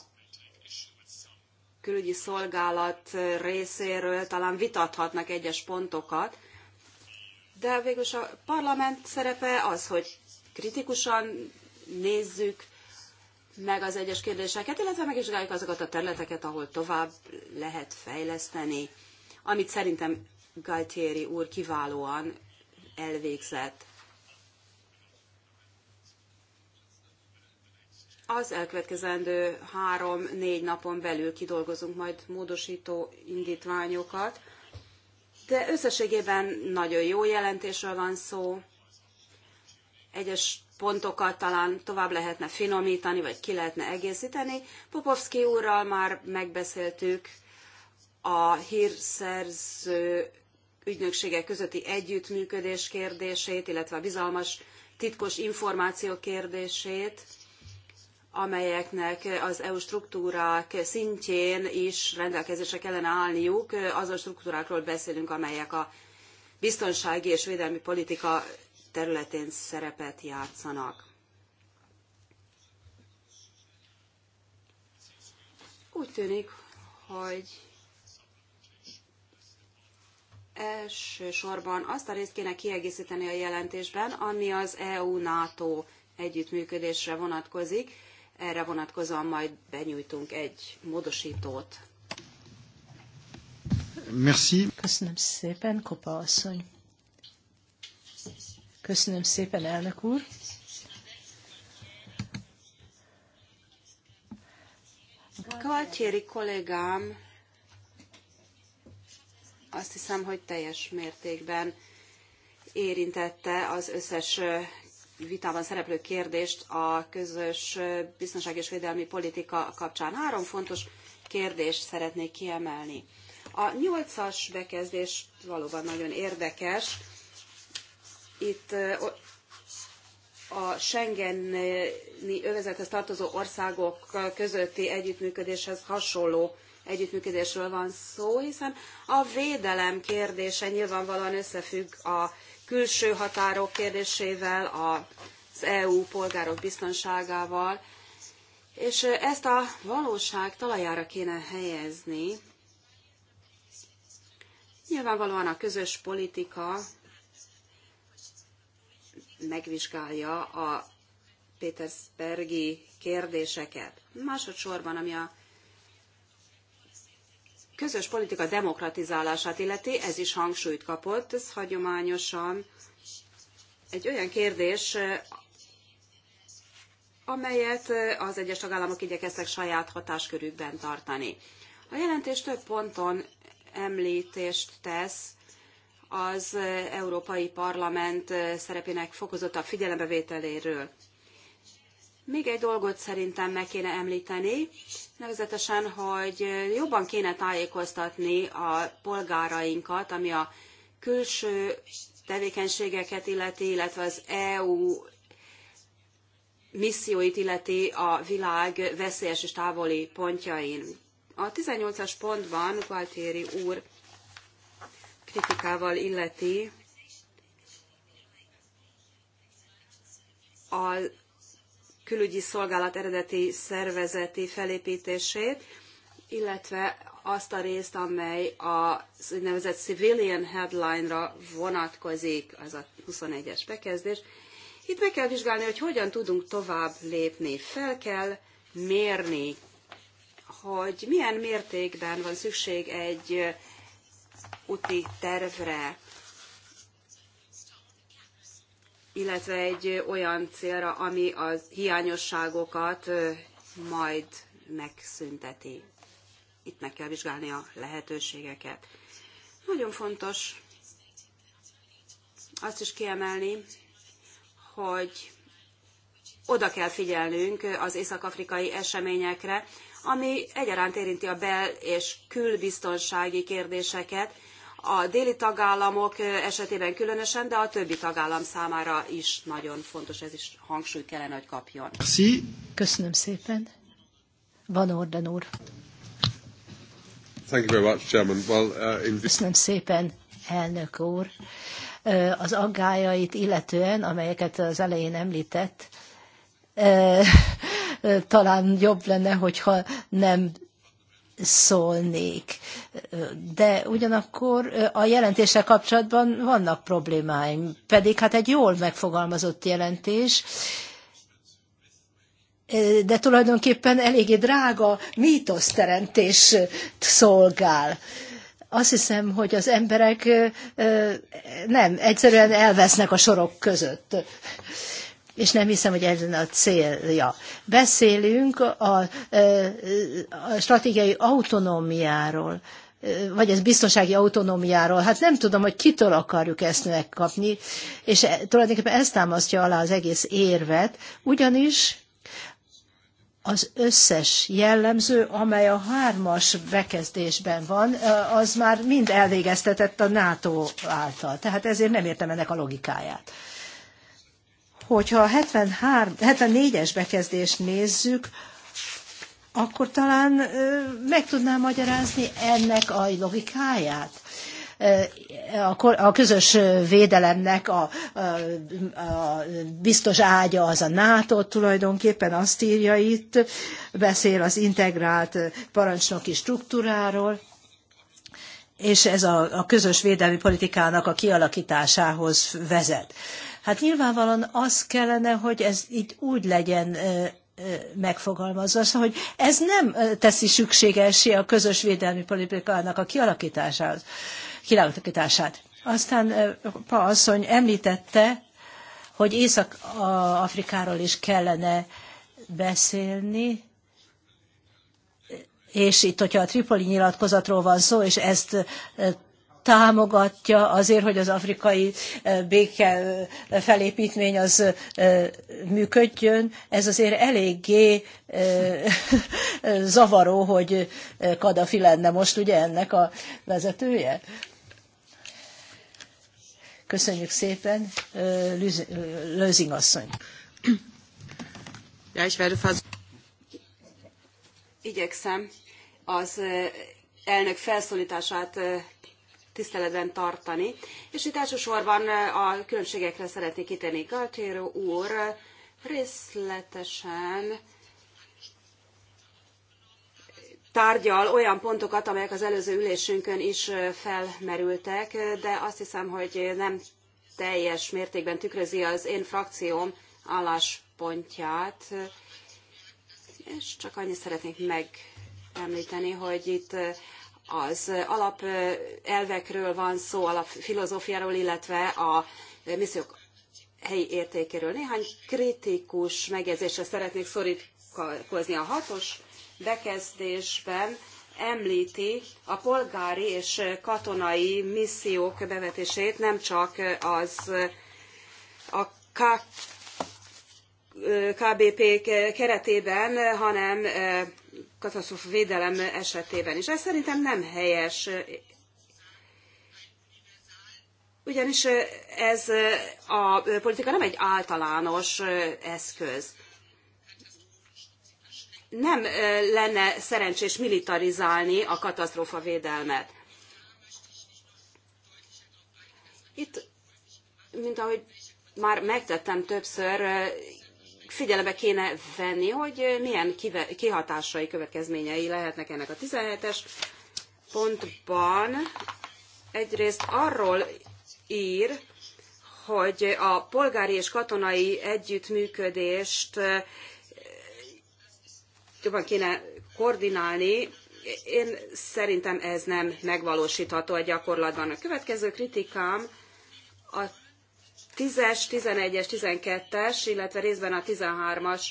külügyi szolgálat részéről talán vitathatnak egyes pontokat, de végülis a parlament szerepe az, hogy kritikusan nézzük meg az egyes kérdéseket, illetve megvizsgáljuk azokat a területeket, ahol tovább lehet fejleszteni, amit szerintem Galtieri úr kiválóan elvégzett. Az elkövetkezendő három-négy napon belül kidolgozunk majd módosító indítványokat, de összességében nagyon jó jelentésről van szó. Egyes pontokat talán tovább lehetne finomítani, vagy ki lehetne egészíteni. Popovski úrral már megbeszéltük a hírszerző ügynökségek közötti együttműködés kérdését, illetve a bizalmas titkos információ kérdését, amelyeknek az EU struktúrák szintjén is rendelkezésre kellene állniuk. Azon struktúrákról beszélünk, amelyek a biztonsági és védelmi politika területén szerepet játszanak. Úgy tűnik, hogy elsősorban azt a részt kéne kiegészíteni a jelentésben, ami az EU-NATO együttműködésre vonatkozik. Erre vonatkozóan majd benyújtunk egy módosítót. Merci. Köszönöm szépen, Kopa asszony. Köszönöm szépen, elnök úr. Galtieri kollégám azt hiszem, hogy teljes mértékben érintette az összes vitában szereplő kérdést a közös biztonság és védelmi politika kapcsán. Három fontos kérdést szeretnék kiemelni. A nyolcas bekezdés valóban nagyon érdekes, itt a Schengeni övezethez tartozó országok közötti együttműködéshez hasonló együttműködésről van szó, hiszen a védelem kérdése nyilvánvalóan összefügg a külső határok kérdésével, az EU polgárok biztonságával, és ezt a valóság talajára kéne helyezni. Nyilvánvalóan a közös politika megvizsgálja a Petersbergi kérdéseket. Másodszorban, ami a közös politika demokratizálását illeti, ez is hangsúlyt kapott, ez hagyományosan egy olyan kérdés, amelyet az egyes tagállamok igyekeztek saját hatáskörükben tartani. A jelentés több ponton említést tesz az Európai Parlament szerepének fokozottabb figyelembevételéről. Még egy dolgot szerintem meg kéne említeni, nevezetesen, hogy jobban kéne tájékoztatni a polgárainkat, ami a külső tevékenységeket illeti, illetve az EU misszióit illeti a világ veszélyes és távoli pontjain. A 18-as pontban Gualtieri úr kritikával illeti, a külügyi szolgálat eredeti szervezeti felépítését, illetve azt a részt, amely az úgynevezett civilian headline-ra vonatkozik, az a 21-es bekezdés. Itt meg kell vizsgálni, hogy hogyan tudunk tovább lépni. Fel kell mérni, hogy milyen mértékben van szükség egy úti tervre, illetve egy olyan célra, ami a hiányosságokat majd megszünteti. Itt meg kell vizsgálni a lehetőségeket. Nagyon fontos azt is kiemelni, hogy oda kell figyelnünk az észak-afrikai eseményekre, ami egyaránt érinti a bel- és külbiztonsági kérdéseket, a déli tagállamok esetében különösen, de a többi tagállam számára is nagyon fontos, ez is hangsúly kellene, hogy kapjon. Köszönöm szépen. Van Orden úr. Uh, Köszönöm szépen, elnök úr. Az aggájait illetően, amelyeket az elején említett, talán jobb lenne, hogyha nem szólnék. De ugyanakkor a jelentéssel kapcsolatban vannak problémáim, pedig hát egy jól megfogalmazott jelentés, de tulajdonképpen eléggé drága mítoszteremtés szolgál. Azt hiszem, hogy az emberek nem, egyszerűen elvesznek a sorok között és nem hiszem, hogy ez a célja. Beszélünk a, a stratégiai autonómiáról, vagy ez biztonsági autonómiáról. Hát nem tudom, hogy kitől akarjuk ezt megkapni, és e, tulajdonképpen ez támasztja alá az egész érvet, ugyanis az összes jellemző, amely a hármas bekezdésben van, az már mind elvégeztetett a NATO által. Tehát ezért nem értem ennek a logikáját. Hogyha a 73, 74-es bekezdést nézzük, akkor talán meg tudnám magyarázni ennek a logikáját a közös védelemnek a, a, a biztos ágya az a NATO tulajdonképpen azt írja itt, beszél az integrált parancsnoki struktúráról, és ez a, a közös védelmi politikának a kialakításához vezet. Hát nyilvánvalóan az kellene, hogy ez itt úgy legyen megfogalmazva, szóval, hogy ez nem teszi szükségesé a közös védelmi politikának a kialakítását. kialakítását. Aztán Pa asszony említette, hogy Észak-Afrikáról is kellene beszélni, és itt, hogyha a Tripoli nyilatkozatról van szó, és ezt támogatja azért, hogy az afrikai eh, béke eh, felépítmény az eh, működjön. Ez azért eléggé zavaró, hogy Kadafi lenne most ugye ennek a vezetője. Köszönjük szépen, Lőzing asszony. Ja, ich werde Igyekszem az elnök felszólítását tiszteletben tartani. És itt elsősorban a különbségekre szeretnék kitérni Galtéro úr részletesen tárgyal olyan pontokat, amelyek az előző ülésünkön is felmerültek, de azt hiszem, hogy nem teljes mértékben tükrözi az én frakcióm álláspontját. És csak annyit szeretnék megemlíteni, hogy itt az alapelvekről van szó, alapfilozófiáról, illetve a missziók helyi értékéről. Néhány kritikus megjegyzésre szeretnék szorítkozni a hatos bekezdésben említi a polgári és katonai missziók bevetését, nem csak az a KBP keretében, hanem katasztrófa védelem esetében is. Ez szerintem nem helyes, ugyanis ez a politika nem egy általános eszköz. Nem lenne szerencsés militarizálni a katasztrófa védelmet. Itt, mint ahogy már megtettem többször, figyelembe kéne venni, hogy milyen kihatásai, következményei lehetnek ennek a 17-es pontban. Egyrészt arról ír, hogy a polgári és katonai együttműködést eh, jobban kéne koordinálni. Én szerintem ez nem megvalósítható a gyakorlatban. A következő kritikám a 10-es, 11-es, 12-es, illetve részben a 13-as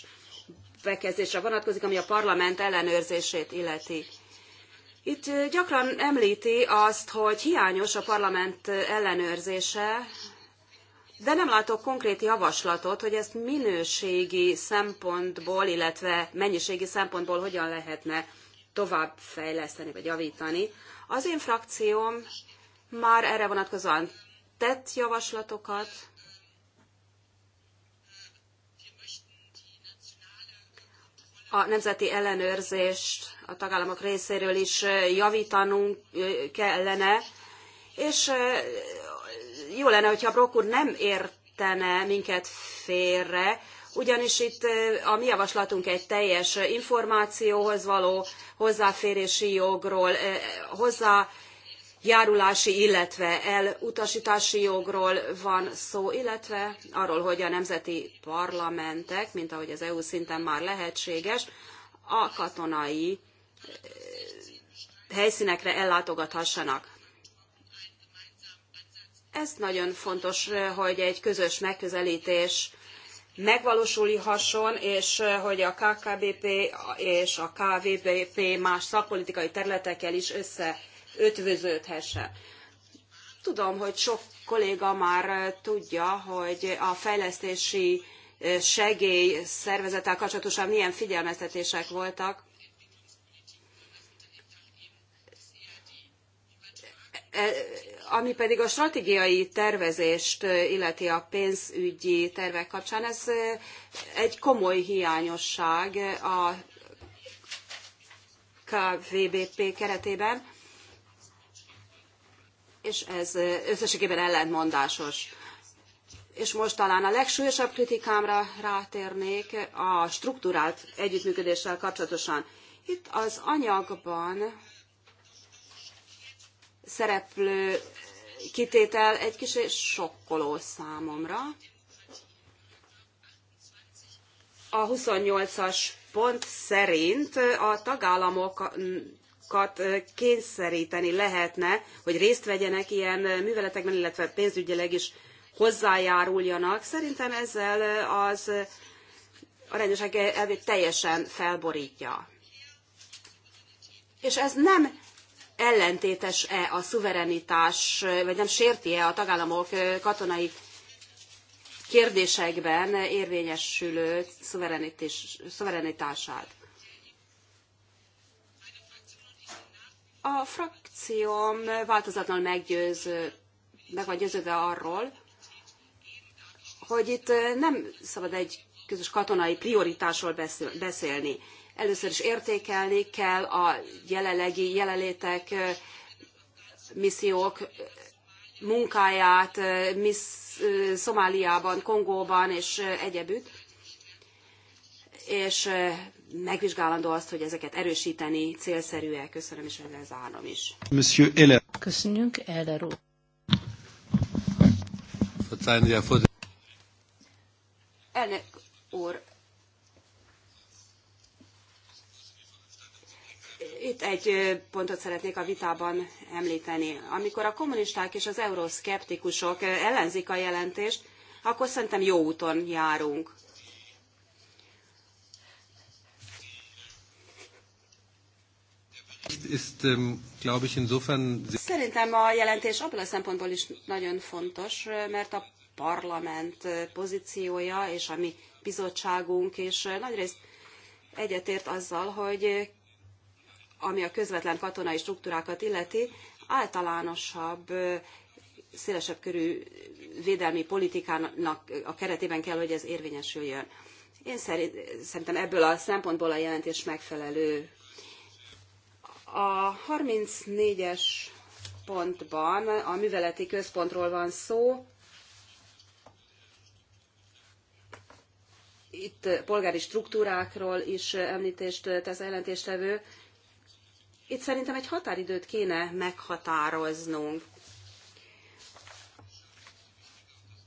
bekezdésre vonatkozik, ami a parlament ellenőrzését illeti. Itt gyakran említi azt, hogy hiányos a parlament ellenőrzése, de nem látok konkrét javaslatot, hogy ezt minőségi szempontból, illetve mennyiségi szempontból hogyan lehetne továbbfejleszteni vagy javítani. Az én frakcióm már erre vonatkozóan tett javaslatokat, a nemzeti ellenőrzést a tagállamok részéről is javítanunk kellene, és jó lenne, hogyha a Brok úr nem értene minket félre, ugyanis itt a mi javaslatunk egy teljes információhoz való hozzáférési jogról, hozzá járulási, illetve elutasítási jogról van szó, illetve arról, hogy a nemzeti parlamentek, mint ahogy az EU szinten már lehetséges, a katonai eh, helyszínekre ellátogathassanak. Ez nagyon fontos, eh, hogy egy közös megközelítés megvalósulhasson, és eh, hogy a KKBP és a KVBP más szakpolitikai területekkel is össze ötvöződhessen. Tudom, hogy sok kolléga már eh, tudja, hogy a fejlesztési eh, segély szervezettel kapcsolatosan milyen figyelmeztetések voltak. E, ami pedig a stratégiai tervezést eh, illeti a pénzügyi tervek kapcsán, ez egy komoly hiányosság a KVBP keretében és ez összességében ellentmondásos. És most talán a legsúlyosabb kritikámra rátérnék a strukturált együttműködéssel kapcsolatosan. Itt az anyagban szereplő kitétel egy kis sokkoló számomra. A 28-as pont szerint a tagállamok tagállamokat kényszeríteni lehetne, hogy részt vegyenek ilyen műveletekben, illetve pénzügyileg is hozzájáruljanak. Szerintem ezzel az arányosság elvét teljesen felborítja. És ez nem ellentétes-e a szuverenitás, vagy nem sérti-e a tagállamok katonai kérdésekben érvényesülő szuverenitását? A frakcióm változatlanul meggyőz, meg van győződve arról, hogy itt nem szabad egy közös katonai prioritásról beszélni. Először is értékelni kell a jelenlegi jelenlétek, missziók munkáját missz, Szomáliában, Kongóban és egyebütt, és megvizsgálandó azt, hogy ezeket erősíteni célszerű-e. Köszönöm, és ezzel zárom is. Monsieur Eller. Köszönjük, Eller úr. Elnök úr, itt egy pontot szeretnék a vitában említeni. Amikor a kommunisták és az euroszkeptikusok ellenzik a jelentést, akkor szerintem jó úton járunk. ist, ähm, glaube ich, insofern... Szerintem a jelentés abban a szempontból is nagyon fontos, mert a parlament pozíciója és a mi bizottságunk is nagyrészt egyetért azzal, hogy ami a közvetlen katonai struktúrákat illeti, általánosabb, szélesebb körű védelmi politikának a keretében kell, hogy ez érvényesüljön. Én szerintem ebből a szempontból a jelentés megfelelő a 34-es pontban a műveleti központról van szó. Itt polgári struktúrákról is említést tesz a jelentéstevő. Itt szerintem egy határidőt kéne meghatároznunk.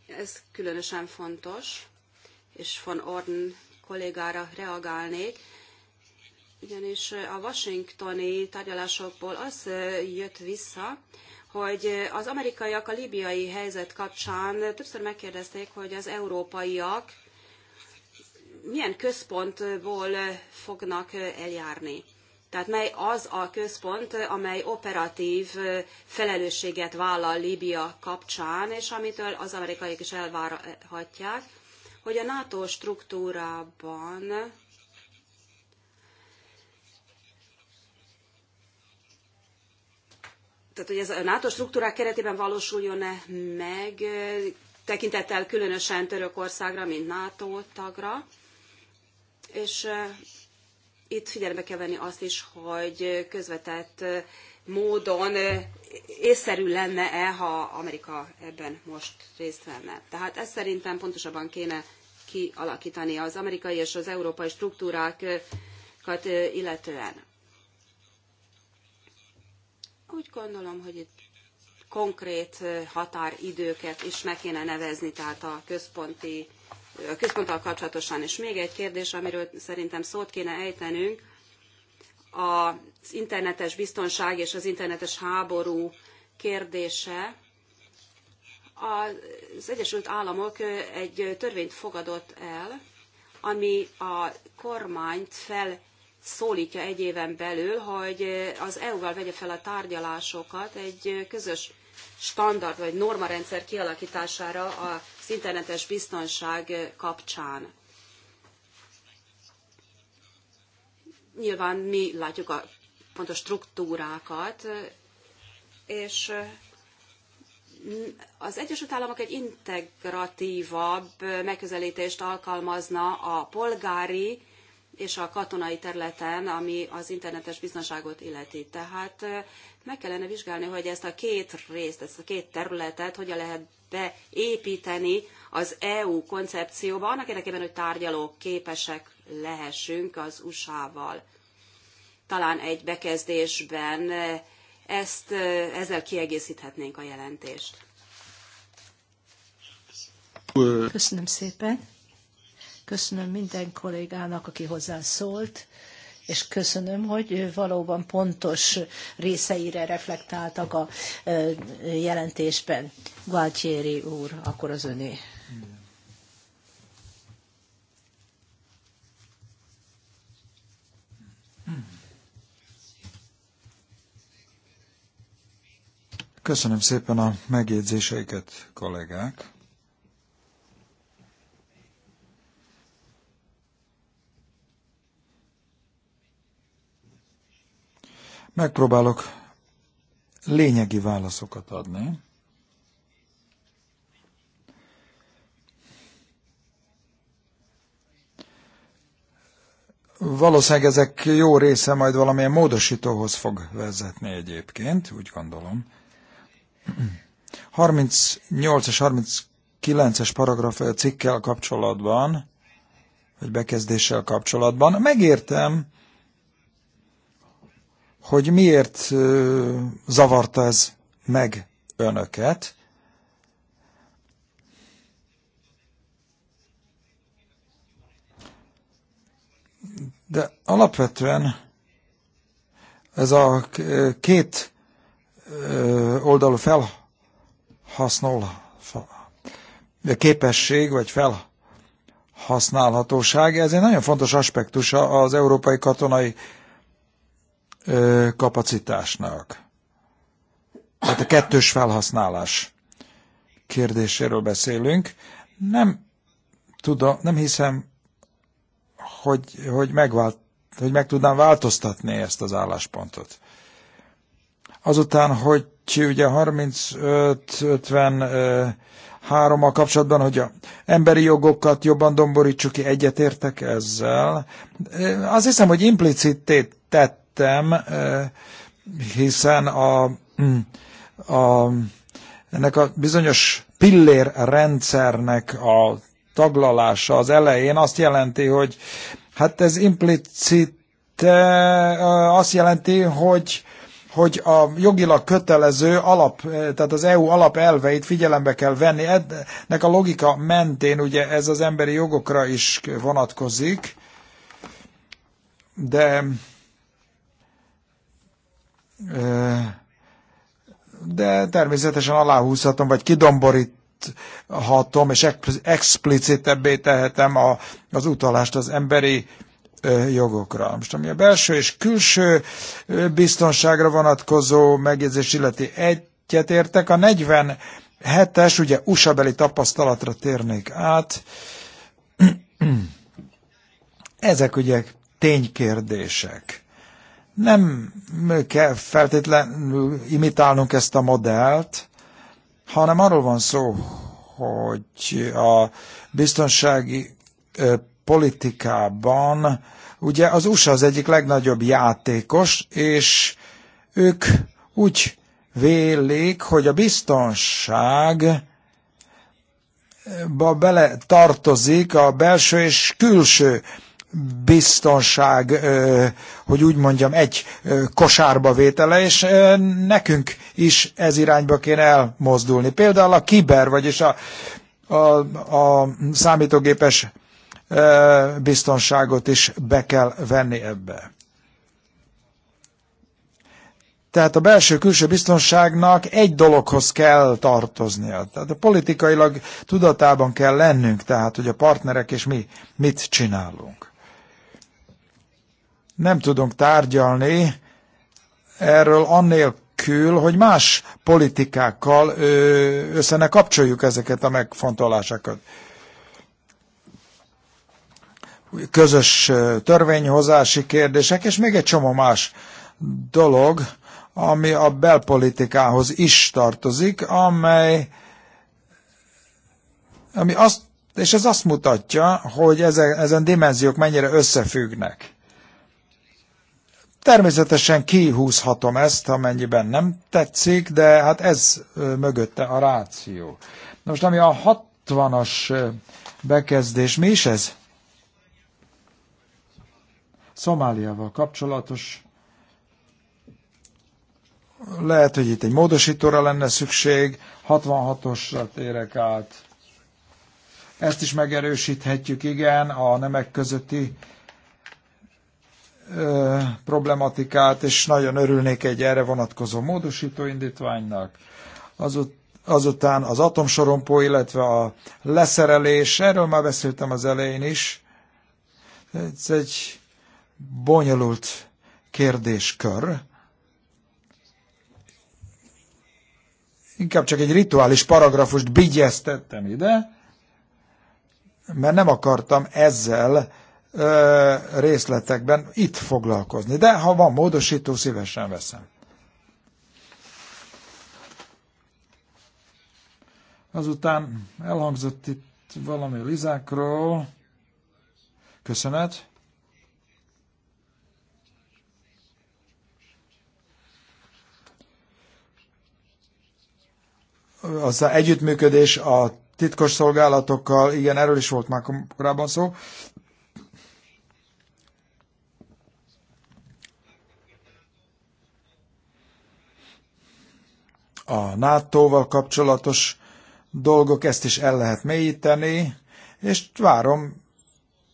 Ez különösen fontos, és von Orden kollégára reagálnék ugyanis a washingtoni tárgyalásokból az jött vissza, hogy az amerikaiak a libiai helyzet kapcsán többször megkérdezték, hogy az európaiak milyen központból fognak eljárni. Tehát mely az a központ, amely operatív felelősséget vállal Líbia kapcsán, és amitől az amerikaiak is elvárhatják, hogy a NATO struktúrában tehát hogy ez a NATO struktúrák keretében valósuljon-e meg, tekintettel különösen Törökországra, mint NATO tagra. És itt figyelme kell venni azt is, hogy közvetett módon észszerű lenne-e, ha Amerika ebben most részt venne. Tehát ezt szerintem pontosabban kéne kialakítani az amerikai és az európai struktúrákat illetően úgy gondolom, hogy itt konkrét határidőket is meg kéne nevezni, tehát a központi, a központtal kapcsolatosan. És még egy kérdés, amiről szerintem szót kéne ejtenünk, az internetes biztonság és az internetes háború kérdése. Az Egyesült Államok egy törvényt fogadott el, ami a kormányt fel szólítja egy éven belül, hogy az EU-val vegye fel a tárgyalásokat egy közös standard vagy normarendszer kialakítására az internetes biztonság kapcsán. Nyilván mi látjuk a pontos struktúrákat, és az Egyesült Államok egy integratívabb megközelítést alkalmazna a polgári és a katonai területen, ami az internetes biztonságot illeti. Tehát meg kellene vizsgálni, hogy ezt a két részt, ezt a két területet hogyan lehet beépíteni az EU koncepcióba, annak érdekében, hogy tárgyalók képesek lehessünk az USA-val. Talán egy bekezdésben ezt, ezzel kiegészíthetnénk a jelentést. Köszönöm szépen. Köszönöm minden kollégának, aki hozzászólt, és köszönöm, hogy valóban pontos részeire reflektáltak a jelentésben. Gualtieri úr, akkor az öné. Köszönöm szépen a megjegyzéseiket, kollégák. Megpróbálok lényegi válaszokat adni. Valószínűleg ezek jó része majd valamilyen módosítóhoz fog vezetni egyébként, úgy gondolom. 38 és 39-es paragraf cikkel kapcsolatban, vagy bekezdéssel kapcsolatban megértem, hogy miért zavarta ez meg önöket. De alapvetően ez a két oldalú felhasznál képesség, vagy felhasználhatóság, Ez egy nagyon fontos aspektusa az európai katonai kapacitásnak. Tehát a kettős felhasználás kérdéséről beszélünk. Nem tudom, nem hiszem, hogy, hogy, megvált, hogy meg tudnám változtatni ezt az álláspontot. Azután, hogy ugye 35-53 a kapcsolatban, hogy a emberi jogokat jobban domborítsuk ki, egyetértek ezzel. Azt hiszem, hogy implicit tett vettem, eh, hiszen a, hm, a, ennek a bizonyos pillérrendszernek a taglalása az elején azt jelenti, hogy hát ez implicit eh, azt jelenti, hogy hogy a jogilag kötelező alap, eh, tehát az EU alapelveit figyelembe kell venni. Ennek a logika mentén ugye ez az emberi jogokra is vonatkozik, de de természetesen aláhúzhatom, vagy kidomboríthatom, és explicitebbé tehetem a, az utalást az emberi jogokra. Most ami a belső és külső biztonságra vonatkozó megjegyzés illeti egyetértek, a 47-es, ugye USA tapasztalatra térnék át. Ezek ugye ténykérdések nem kell feltétlenül imitálnunk ezt a modellt, hanem arról van szó, hogy a biztonsági politikában ugye az USA az egyik legnagyobb játékos, és ők úgy vélik, hogy a biztonság bele tartozik a belső és külső biztonság, hogy úgy mondjam, egy kosárba vétele, és nekünk is ez irányba kéne elmozdulni. Például a kiber, vagyis a, a, a számítógépes biztonságot is be kell venni ebbe. Tehát a belső-külső biztonságnak egy dologhoz kell tartoznia. Tehát a politikailag tudatában kell lennünk, tehát hogy a partnerek és mi mit csinálunk nem tudunk tárgyalni erről annélkül, hogy más politikákkal összene kapcsoljuk ezeket a megfontolásokat. Közös törvényhozási kérdések, és még egy csomó más dolog, ami a belpolitikához is tartozik, amely ami azt, és ez azt mutatja, hogy ezen, ezen dimenziók mennyire összefüggnek. Természetesen kihúzhatom ezt, amennyiben nem tetszik, de hát ez mögötte a ráció. Most ami a 60-as bekezdés, mi is ez? Szomáliával kapcsolatos. Lehet, hogy itt egy módosítóra lenne szükség, 66-osra térek át. Ezt is megerősíthetjük, igen, a nemek közötti problematikát, és nagyon örülnék egy erre vonatkozó módosító indítványnak. Azut, azután az atomsorompó, illetve a leszerelés, erről már beszéltem az elején is. Ez egy bonyolult kérdéskör. Inkább csak egy rituális paragrafust bigyeztettem ide, mert nem akartam ezzel részletekben itt foglalkozni. De ha van módosító, szívesen veszem. Azután elhangzott itt valami Lizákról. Köszönet. Az a együttműködés a titkos szolgálatokkal, igen, erről is volt már korábban szó, a NATO-val kapcsolatos dolgok, ezt is el lehet mélyíteni, és várom,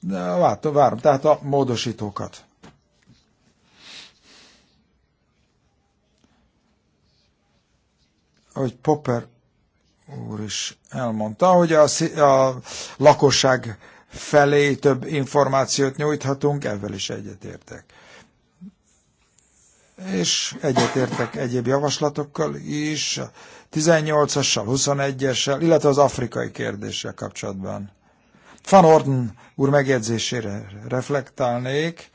várom, várom tehát a módosítókat. Hogy Popper úr is elmondta, hogy a, a lakosság felé több információt nyújthatunk, ezzel is egyetértek és egyetértek egyéb javaslatokkal is, 18-assal, 21-essel, illetve az afrikai kérdéssel kapcsolatban. Van Orden úr megjegyzésére reflektálnék,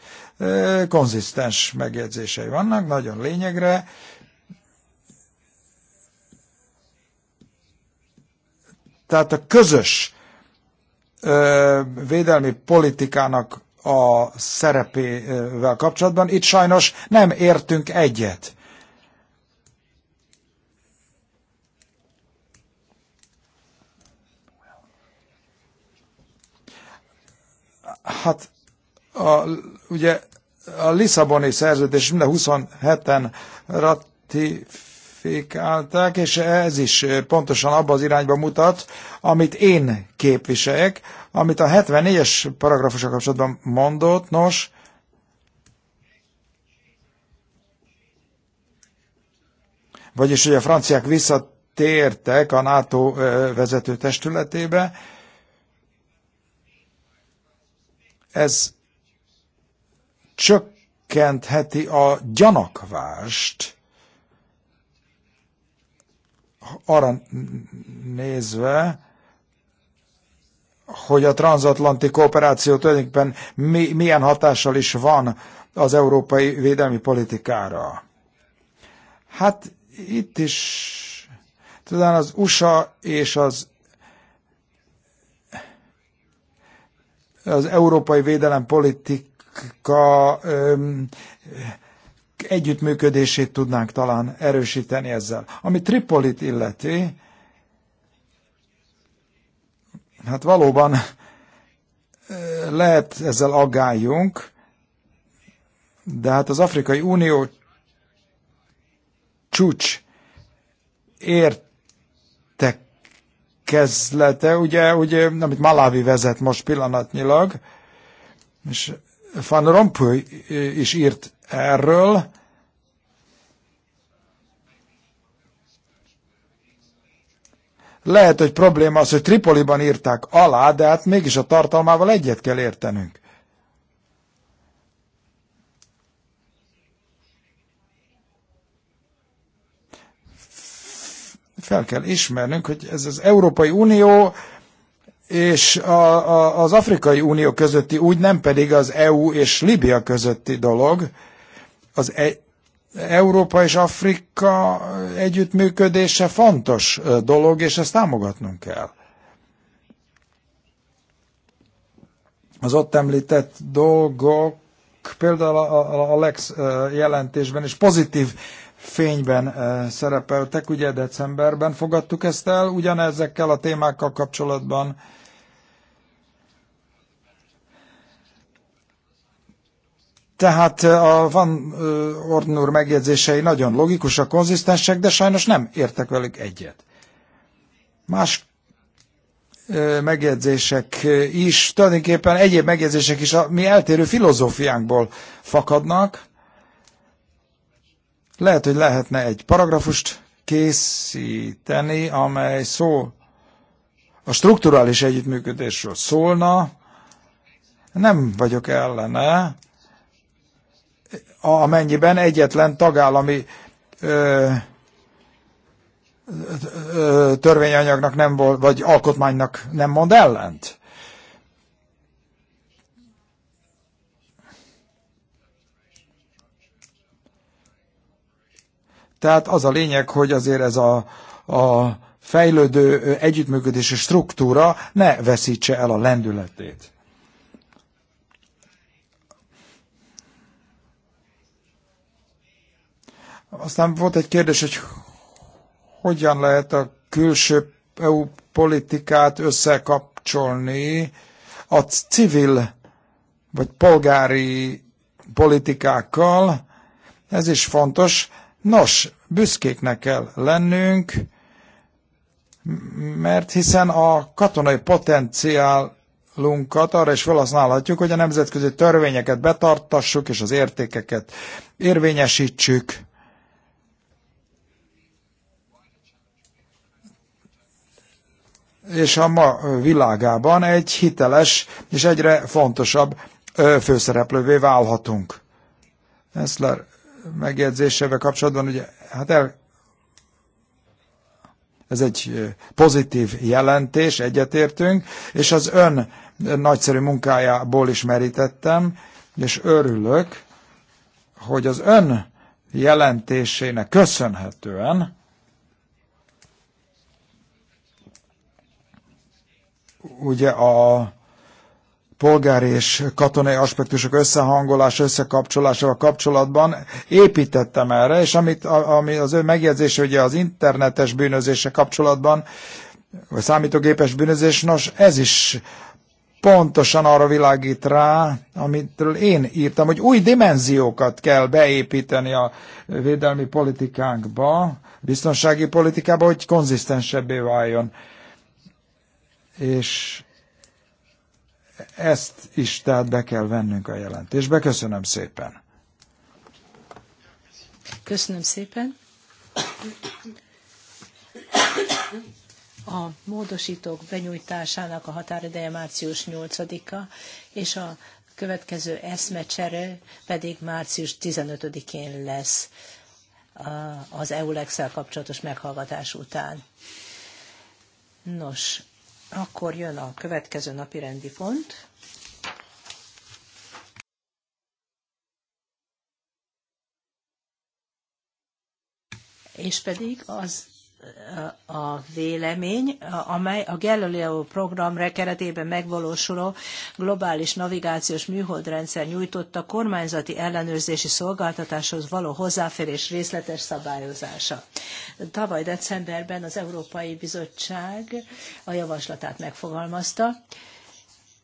konzisztens megjegyzései vannak, nagyon lényegre. Tehát a közös védelmi politikának a szerepével kapcsolatban. Itt sajnos nem értünk egyet. Hát a, ugye a Lisszaboni szerződés minden 27-en ratifikálták, és ez is pontosan abba az irányba mutat, amit én képviselek. Amit a 74-es paragrafusok kapcsolatban mondott, nos, vagyis hogy a franciák visszatértek a NATO vezető testületébe, ez csökkentheti a gyanakvást arra nézve, hogy a transatlanti kooperáció tulajdonképpen mi, milyen hatással is van az európai védelmi politikára. Hát itt is talán az USA és az az európai védelem politika öm, együttműködését tudnánk talán erősíteni ezzel. Ami Tripolit illeti, Hát valóban lehet ezzel aggáljunk, de hát az Afrikai Unió csúcs értekezlete, ugye, ugye, amit Malawi vezet most pillanatnyilag, és Van Rompuy is írt erről, Lehet, hogy probléma az, hogy Tripoliban írták alá, de hát mégis a tartalmával egyet kell értenünk. Fel kell ismernünk, hogy ez az Európai Unió és a, a, az Afrikai Unió közötti úgy, nem pedig az EU és Libia közötti dolog. Az e- Európa és Afrika együttműködése fontos dolog, és ezt támogatnunk kell. Az ott említett dolgok például a Lex jelentésben is pozitív fényben szerepeltek, ugye decemberben fogadtuk ezt el, ugyanezekkel a témákkal kapcsolatban Tehát a Van Orden úr megjegyzései nagyon logikusak, konzisztensek, de sajnos nem értek velük egyet. Más megjegyzések is, tulajdonképpen egyéb megjegyzések is a mi eltérő filozófiánkból fakadnak. Lehet, hogy lehetne egy paragrafust készíteni, amely szó a strukturális együttműködésről szólna. Nem vagyok ellene, amennyiben egyetlen tagállami ö, ö, törvényanyagnak nem volt, vagy alkotmánynak nem mond ellent. Tehát az a lényeg, hogy azért ez a, a fejlődő együttműködési struktúra ne veszítse el a lendületét. Aztán volt egy kérdés, hogy hogyan lehet a külső EU politikát összekapcsolni a civil vagy polgári politikákkal. Ez is fontos. Nos, büszkéknek kell lennünk, mert hiszen a katonai potenciálunkat arra is felhasználhatjuk, hogy a nemzetközi törvényeket betartassuk és az értékeket érvényesítsük. és a ma világában egy hiteles és egyre fontosabb főszereplővé válhatunk. Eszler megjegyzésével kapcsolatban, ugye, hát el, ez egy pozitív jelentés, egyetértünk, és az ön nagyszerű munkájából is merítettem, és örülök, hogy az ön jelentésének köszönhetően ugye a polgár és katonai aspektusok összehangolása, összekapcsolásával kapcsolatban építettem erre, és amit, ami az ő megjegyzése ugye az internetes bűnözése kapcsolatban, vagy számítógépes bűnözés, nos, ez is pontosan arra világít rá, amitől én írtam, hogy új dimenziókat kell beépíteni a védelmi politikánkba, biztonsági politikába, hogy konzisztensebbé váljon és ezt is tehát be kell vennünk a jelentésbe. Köszönöm szépen. Köszönöm szépen. A módosítók benyújtásának a határideje március 8-a, és a következő eszmecsere pedig március 15-én lesz az EULEX-el kapcsolatos meghallgatás után. Nos, akkor jön a következő napi rendi pont. És pedig az a vélemény, amely a Galileo program keretében megvalósuló globális navigációs műholdrendszer nyújtotta kormányzati ellenőrzési szolgáltatáshoz való hozzáférés részletes szabályozása. Tavaly decemberben az Európai Bizottság a javaslatát megfogalmazta,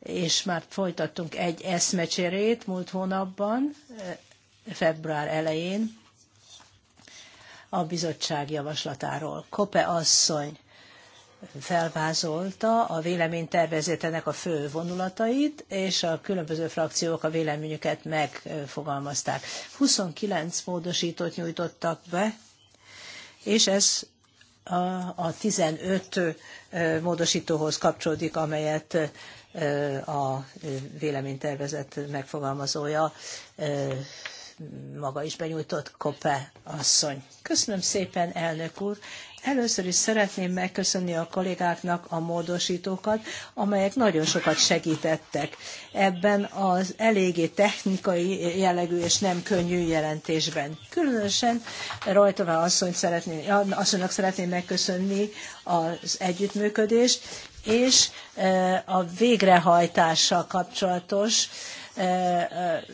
és már folytattunk egy eszmecserét múlt hónapban, február elején, a bizottság javaslatáról. Kope asszony felvázolta a véleménytervezetének a fő vonulatait, és a különböző frakciók a véleményüket megfogalmazták. 29 módosítót nyújtottak be, és ez a 15 módosítóhoz kapcsolódik, amelyet a véleménytervezet megfogalmazója maga is benyújtott Kope asszony. Köszönöm szépen, elnök úr. Először is szeretném megköszönni a kollégáknak a módosítókat, amelyek nagyon sokat segítettek ebben az eléggé technikai jellegű és nem könnyű jelentésben. Különösen Rajtová asszony szeretné, asszonynak szeretném megköszönni az együttműködést, és e, a végrehajtással kapcsolatos e, e,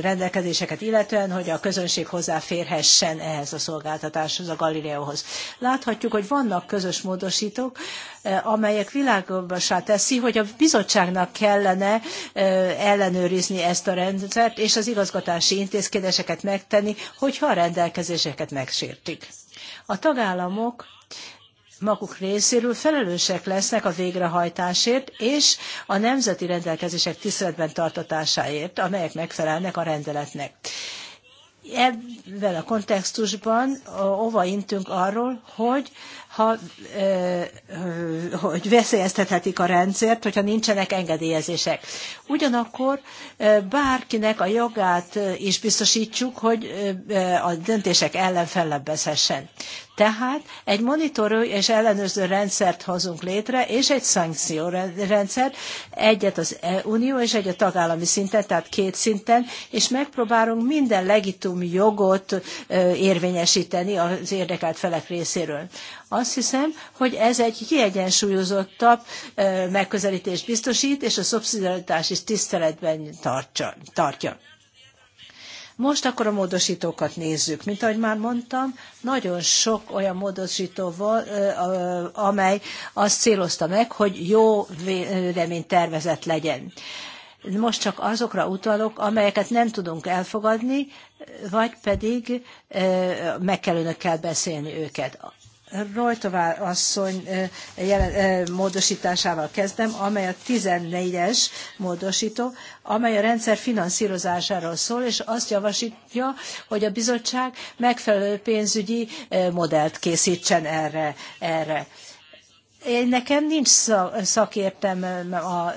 rendelkezéseket illetően, hogy a közönség hozzáférhessen ehhez a szolgáltatáshoz, a Galileóhoz. Láthatjuk, hogy vannak közös módosítók, eh, amelyek világosá teszi, hogy a bizottságnak kellene eh, ellenőrizni ezt a rendszert, és az igazgatási intézkedéseket megtenni, hogyha a rendelkezéseket megsértik. A tagállamok maguk részéről felelősek lesznek a végrehajtásért és a nemzeti rendelkezések tiszteletben tartatásáért, amelyek megfelelnek a rendeletnek. Ebben a kontextusban óva intünk arról, hogy ha, hogy veszélyeztethetik a rendszert, hogyha nincsenek engedélyezések. Ugyanakkor bárkinek a jogát is biztosítjuk, hogy a döntések ellen fellebbezhessen. Tehát egy monitorő és ellenőrző rendszert hozunk létre, és egy szankciórendszert, egyet az unió és egyet a tagállami szinten, tehát két szinten, és megpróbálunk minden legitim jogot érvényesíteni az érdekelt felek részéről. Azt hiszem, hogy ez egy kiegyensúlyozottabb megközelítést biztosít, és a szubszidiaritást is tiszteletben tartja. Most akkor a módosítókat nézzük. Mint ahogy már mondtam, nagyon sok olyan módosító van, amely azt célozta meg, hogy jó véleménytervezet legyen. Most csak azokra utalok, amelyeket nem tudunk elfogadni, vagy pedig meg kell önökkel beszélni őket. Rojtová asszony módosításával kezdem, amely a 14-es módosító, amely a rendszer finanszírozásáról szól, és azt javasítja, hogy a bizottság megfelelő pénzügyi modellt készítsen erre. erre én nekem nincs szakértem a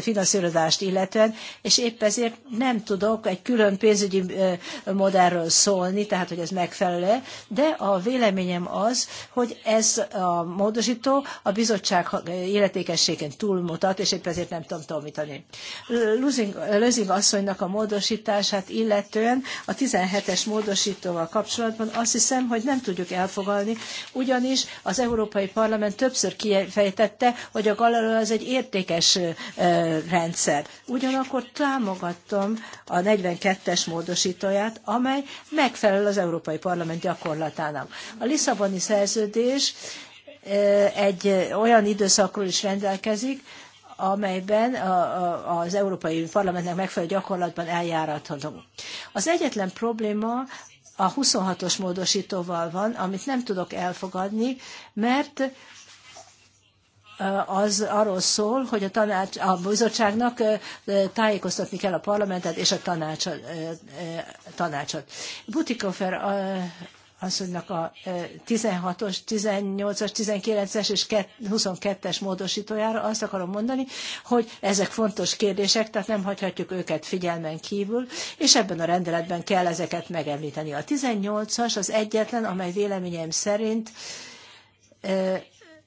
finanszírozást illetően, és épp ezért nem tudok egy külön pénzügyi modellről szólni, tehát hogy ez megfelelő, de a véleményem az, hogy ez a módosító a bizottság életékességen túlmutat, és épp ezért nem tudom tolmítani. Lözing asszonynak a módosítását illetően a 17-es módosítóval kapcsolatban azt hiszem, hogy nem tudjuk elfogadni, ugyanis az Európai Parlament több többször kifejtette, hogy a Galileo az egy értékes rendszer. Ugyanakkor támogattam a 42-es módosítóját, amely megfelel az Európai Parlament gyakorlatának. A Lisszaboni szerződés egy olyan időszakról is rendelkezik, amelyben az Európai Parlamentnek megfelelő gyakorlatban eljárathatunk. Az egyetlen probléma a 26-os módosítóval van, amit nem tudok elfogadni, mert az arról szól, hogy a, tanács, a bizottságnak tájékoztatni kell a parlamentet és a tanácsot. tanácsot. Butikofer asszonynak a 16-os, 18-as, 19-es és 22-es módosítójára azt akarom mondani, hogy ezek fontos kérdések, tehát nem hagyhatjuk őket figyelmen kívül, és ebben a rendeletben kell ezeket megemlíteni. A 18-as az egyetlen, amely véleményem szerint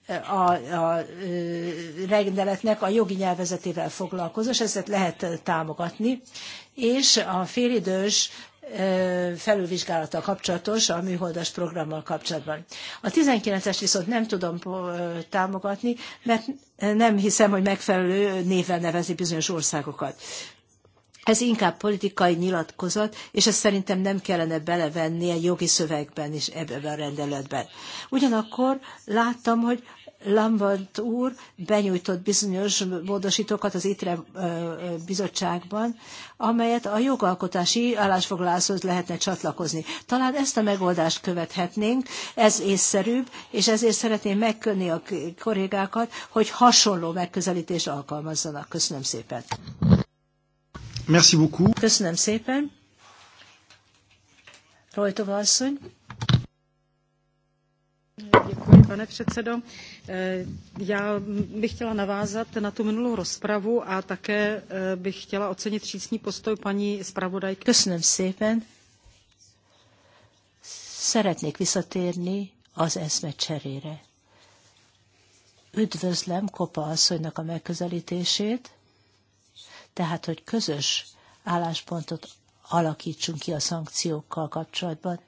a, a rendeletnek a jogi nyelvezetével foglalkozó, és ezt lehet támogatni, és a félidős felülvizsgálattal kapcsolatos, a műholdas programmal kapcsolatban. A 19-es viszont nem tudom támogatni, mert nem hiszem, hogy megfelelő néven nevezi bizonyos országokat. Ez inkább politikai nyilatkozat, és ezt szerintem nem kellene belevenni a jogi szövegben és ebben a rendeletben. Ugyanakkor láttam, hogy Lambert úr benyújtott bizonyos módosítókat az ITRE bizottságban, amelyet a jogalkotási állásfoglaláshoz lehetne csatlakozni. Talán ezt a megoldást követhetnénk, ez észszerűbb, és ezért szeretném megkönni a kollégákat, hogy hasonló megközelítést alkalmazzanak. Köszönöm szépen. Merci beaucoup. Köszönöm szépen. Rojtova asszony. Děkuji, pane předsedo. Eh, já bych chtěla navázat na tu minulou rozpravu a také eh, bych chtěla ocenit vstřícný postoj paní zpravodajky. Köszönöm szépen. Szeretnék visszatérni az eszmecserére. Üdvözlem Kopa asszonynak a megközelítését, tehát hogy közös álláspontot alakítsunk ki a szankciókkal kapcsolatban,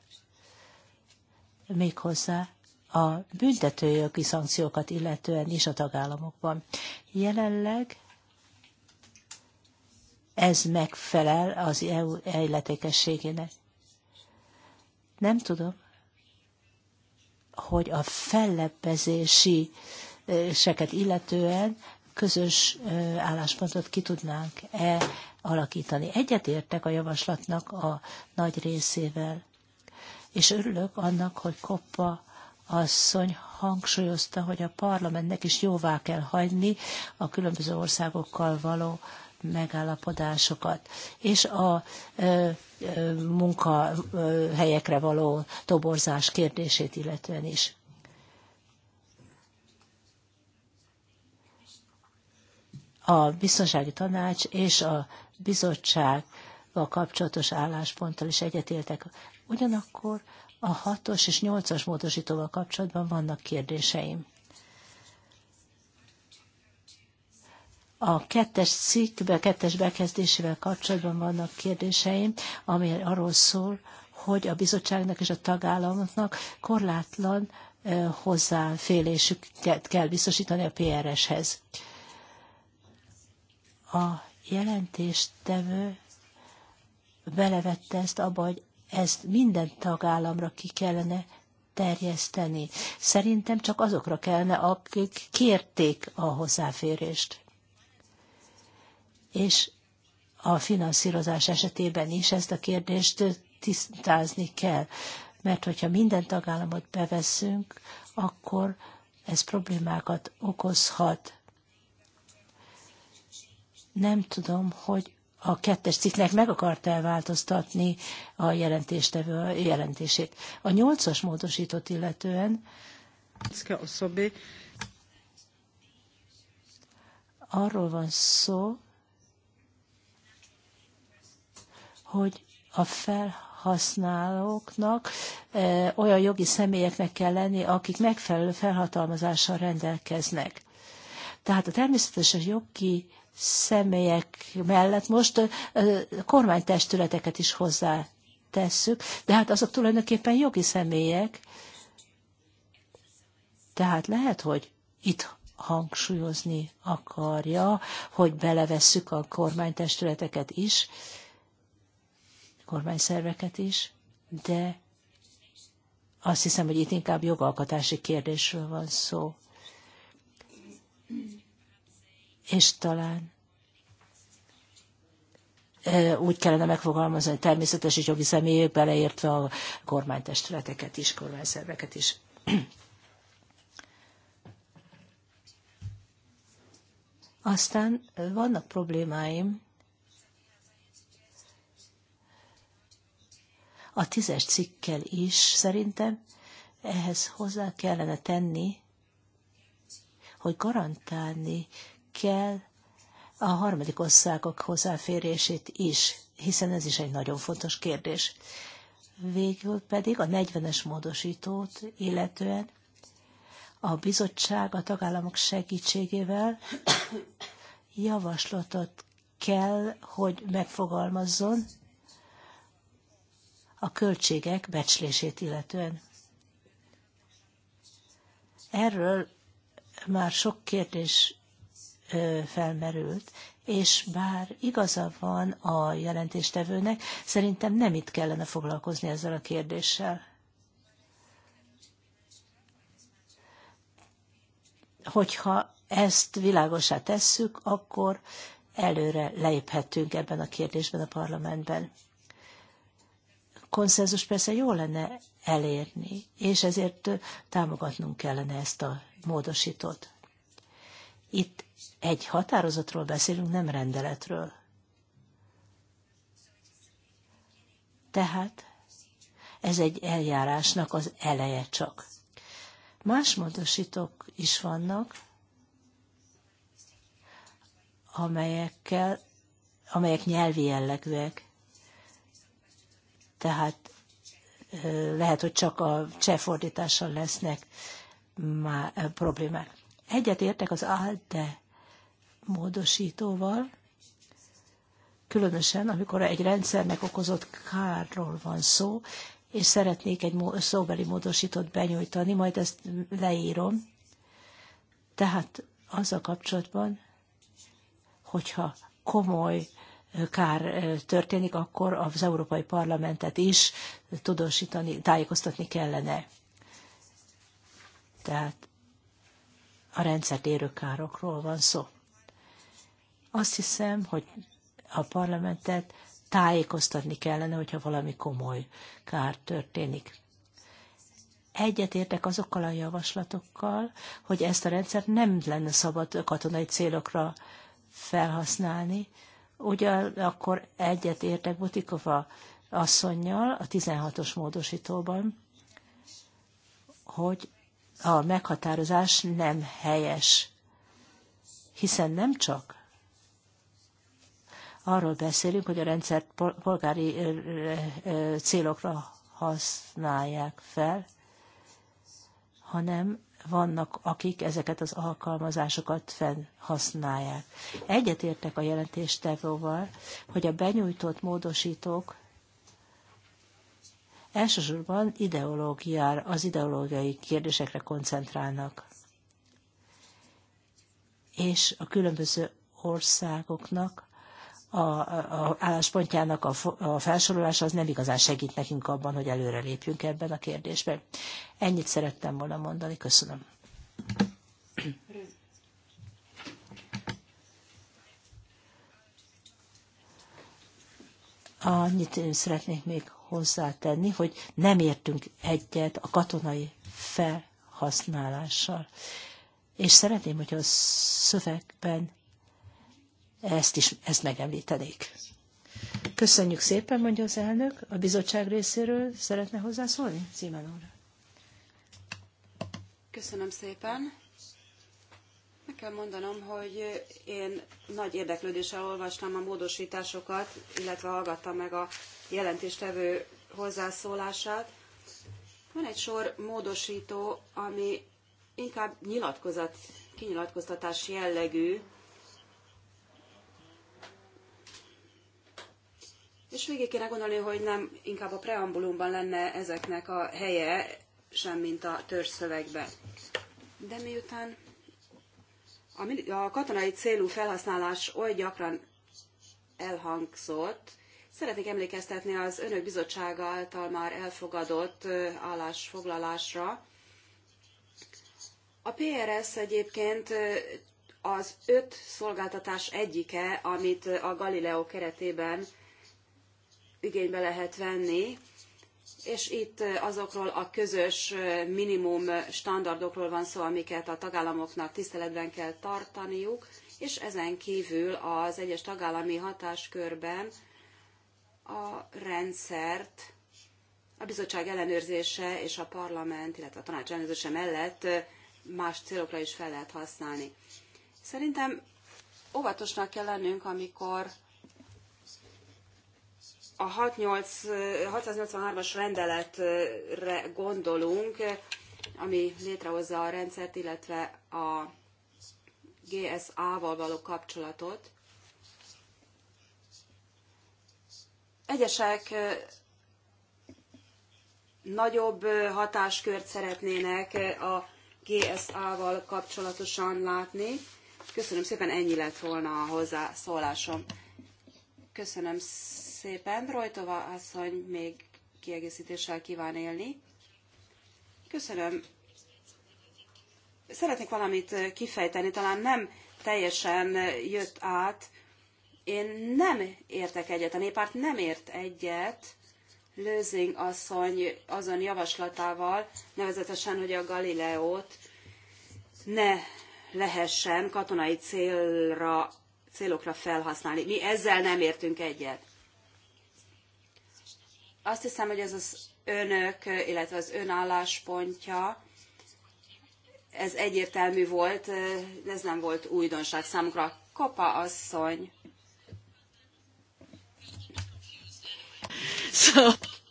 méghozzá a büntetőjogi szankciókat illetően is a tagállamokban. Jelenleg ez megfelel az EU illetékességének. Nem tudom, hogy a fellebbezési eh, seket illetően közös álláspontot ki tudnánk-e alakítani. Egyetértek a javaslatnak a nagy részével, és örülök annak, hogy Koppa asszony hangsúlyozta, hogy a parlamentnek is jóvá kell hagyni a különböző országokkal való megállapodásokat, és a ö, ö, munkahelyekre való toborzás kérdését illetően is. a biztonsági tanács és a bizottság a kapcsolatos állásponttal is egyetértek. Ugyanakkor a hatos és nyolcas módosítóval kapcsolatban vannak kérdéseim. A kettes cikkbe, kettes bekezdésével kapcsolatban vannak kérdéseim, ami arról szól, hogy a bizottságnak és a tagállamoknak korlátlan eh, hozzáférésüket kell biztosítani a PRS-hez. A jelentéstevő belevette ezt abba, hogy ezt minden tagállamra ki kellene terjeszteni. Szerintem csak azokra kellene, akik kérték a hozzáférést. És a finanszírozás esetében is ezt a kérdést tisztázni kell. Mert hogyha minden tagállamot beveszünk, akkor ez problémákat okozhat nem tudom, hogy a kettes cikknek meg akart változtatni a jelentéstevő a jelentését. A nyolcas módosított illetően arról van szó, hogy a felhasználóknak e, olyan jogi személyeknek kell lenni, akik megfelelő felhatalmazással rendelkeznek. Tehát a természetes jogi személyek mellett most kormánytestületeket is hozzá tesszük, de hát azok tulajdonképpen jogi személyek. Tehát lehet, hogy itt hangsúlyozni akarja, hogy belevesszük a kormánytestületeket is, kormányszerveket is, de azt hiszem, hogy itt inkább jogalkotási kérdésről van szó és talán úgy kellene megfogalmazni, természetes és jogi személyek beleértve a kormánytestületeket is, kormányszerveket is. Aztán vannak problémáim a tízes cikkel is szerintem ehhez hozzá kellene tenni, hogy garantálni kell a harmadik országok hozzáférését is, hiszen ez is egy nagyon fontos kérdés. Végül pedig a 40-es módosítót illetően a bizottság a tagállamok segítségével javaslatot kell, hogy megfogalmazzon a költségek becslését illetően. Erről már sok kérdés felmerült, és bár igaza van a jelentéstevőnek, szerintem nem itt kellene foglalkozni ezzel a kérdéssel. Hogyha ezt világosá tesszük, akkor előre léphetünk ebben a kérdésben a parlamentben. Konszenzus persze jó lenne elérni, és ezért támogatnunk kellene ezt a módosítót. Itt egy határozatról beszélünk, nem rendeletről. Tehát ez egy eljárásnak az eleje csak. Más módosítók is vannak, amelyekkel, amelyek nyelvi jellegűek. Tehát lehet, hogy csak a cseh fordítással lesznek már problémák. Egyet értek az ALDE módosítóval, különösen amikor egy rendszernek okozott kárról van szó, és szeretnék egy szóbeli módosítót benyújtani, majd ezt leírom. Tehát az a kapcsolatban, hogyha komoly kár történik, akkor az Európai Parlamentet is tudósítani, tájékoztatni kellene. Tehát a rendszert érő károkról van szó. Azt hiszem, hogy a parlamentet tájékoztatni kellene, hogyha valami komoly kár történik. Egyetértek azokkal a javaslatokkal, hogy ezt a rendszert nem lenne szabad katonai célokra felhasználni. Ugyanakkor egyetértek Butikova asszonynal a 16-os módosítóban, hogy a meghatározás nem helyes, hiszen nem csak arról beszélünk, hogy a rendszert polgári célokra használják fel, hanem vannak, akik ezeket az alkalmazásokat felhasználják. Egyetértek a jelentéstevóval, hogy a benyújtott módosítók elsősorban ideológiára, az ideológiai kérdésekre koncentrálnak. És a különböző országoknak a, a álláspontjának a, a felsorolása az nem igazán segít nekünk abban, hogy előre lépjünk ebben a kérdésben. Ennyit szerettem volna mondani. Köszönöm. Annyit szeretnék még hozzátenni, hogy nem értünk egyet a katonai felhasználással. És szeretném, hogyha a szövegben ezt is ezt megemlítenék. Köszönjük szépen, mondja az elnök. A bizottság részéről szeretne hozzászólni? Szímen úr. Köszönöm szépen. Meg kell mondanom, hogy én nagy érdeklődéssel olvastam a módosításokat, illetve hallgattam meg a jelentéstevő hozzászólását. Van egy sor módosító, ami inkább nyilatkozat, kinyilatkoztatás jellegű, És végig kéne gondolni, hogy nem inkább a preambulumban lenne ezeknek a helye, sem mint a törzszövegben. De miután a, a katonai célú felhasználás oly gyakran elhangzott, szeretnék emlékeztetni az Önök Bizottsága által már elfogadott állásfoglalásra. A PRS egyébként az öt szolgáltatás egyike, amit a Galileo keretében igénybe lehet venni, és itt azokról a közös minimum standardokról van szó, amiket a tagállamoknak tiszteletben kell tartaniuk, és ezen kívül az egyes tagállami hatáskörben a rendszert a bizottság ellenőrzése és a parlament, illetve a tanács ellenőrzése mellett más célokra is fel lehet használni. Szerintem óvatosnak kell lennünk, amikor a 683-as rendeletre gondolunk, ami létrehozza a rendszert, illetve a GSA-val való kapcsolatot. Egyesek nagyobb hatáskört szeretnének a GSA-val kapcsolatosan látni. Köszönöm szépen, ennyi lett volna a hozzászólásom. Köszönöm szépen szépen. Rojtova asszony még kiegészítéssel kíván élni. Köszönöm. Szeretnék valamit kifejteni, talán nem teljesen jött át. Én nem értek egyet, a néppárt nem ért egyet Lőzing asszony azon javaslatával, nevezetesen, hogy a Galileót ne lehessen katonai célra, célokra felhasználni. Mi ezzel nem értünk egyet. Azt hiszem, hogy ez az önök, illetve az álláspontja, ez egyértelmű volt, ez nem volt újdonság számukra. Kopa asszony.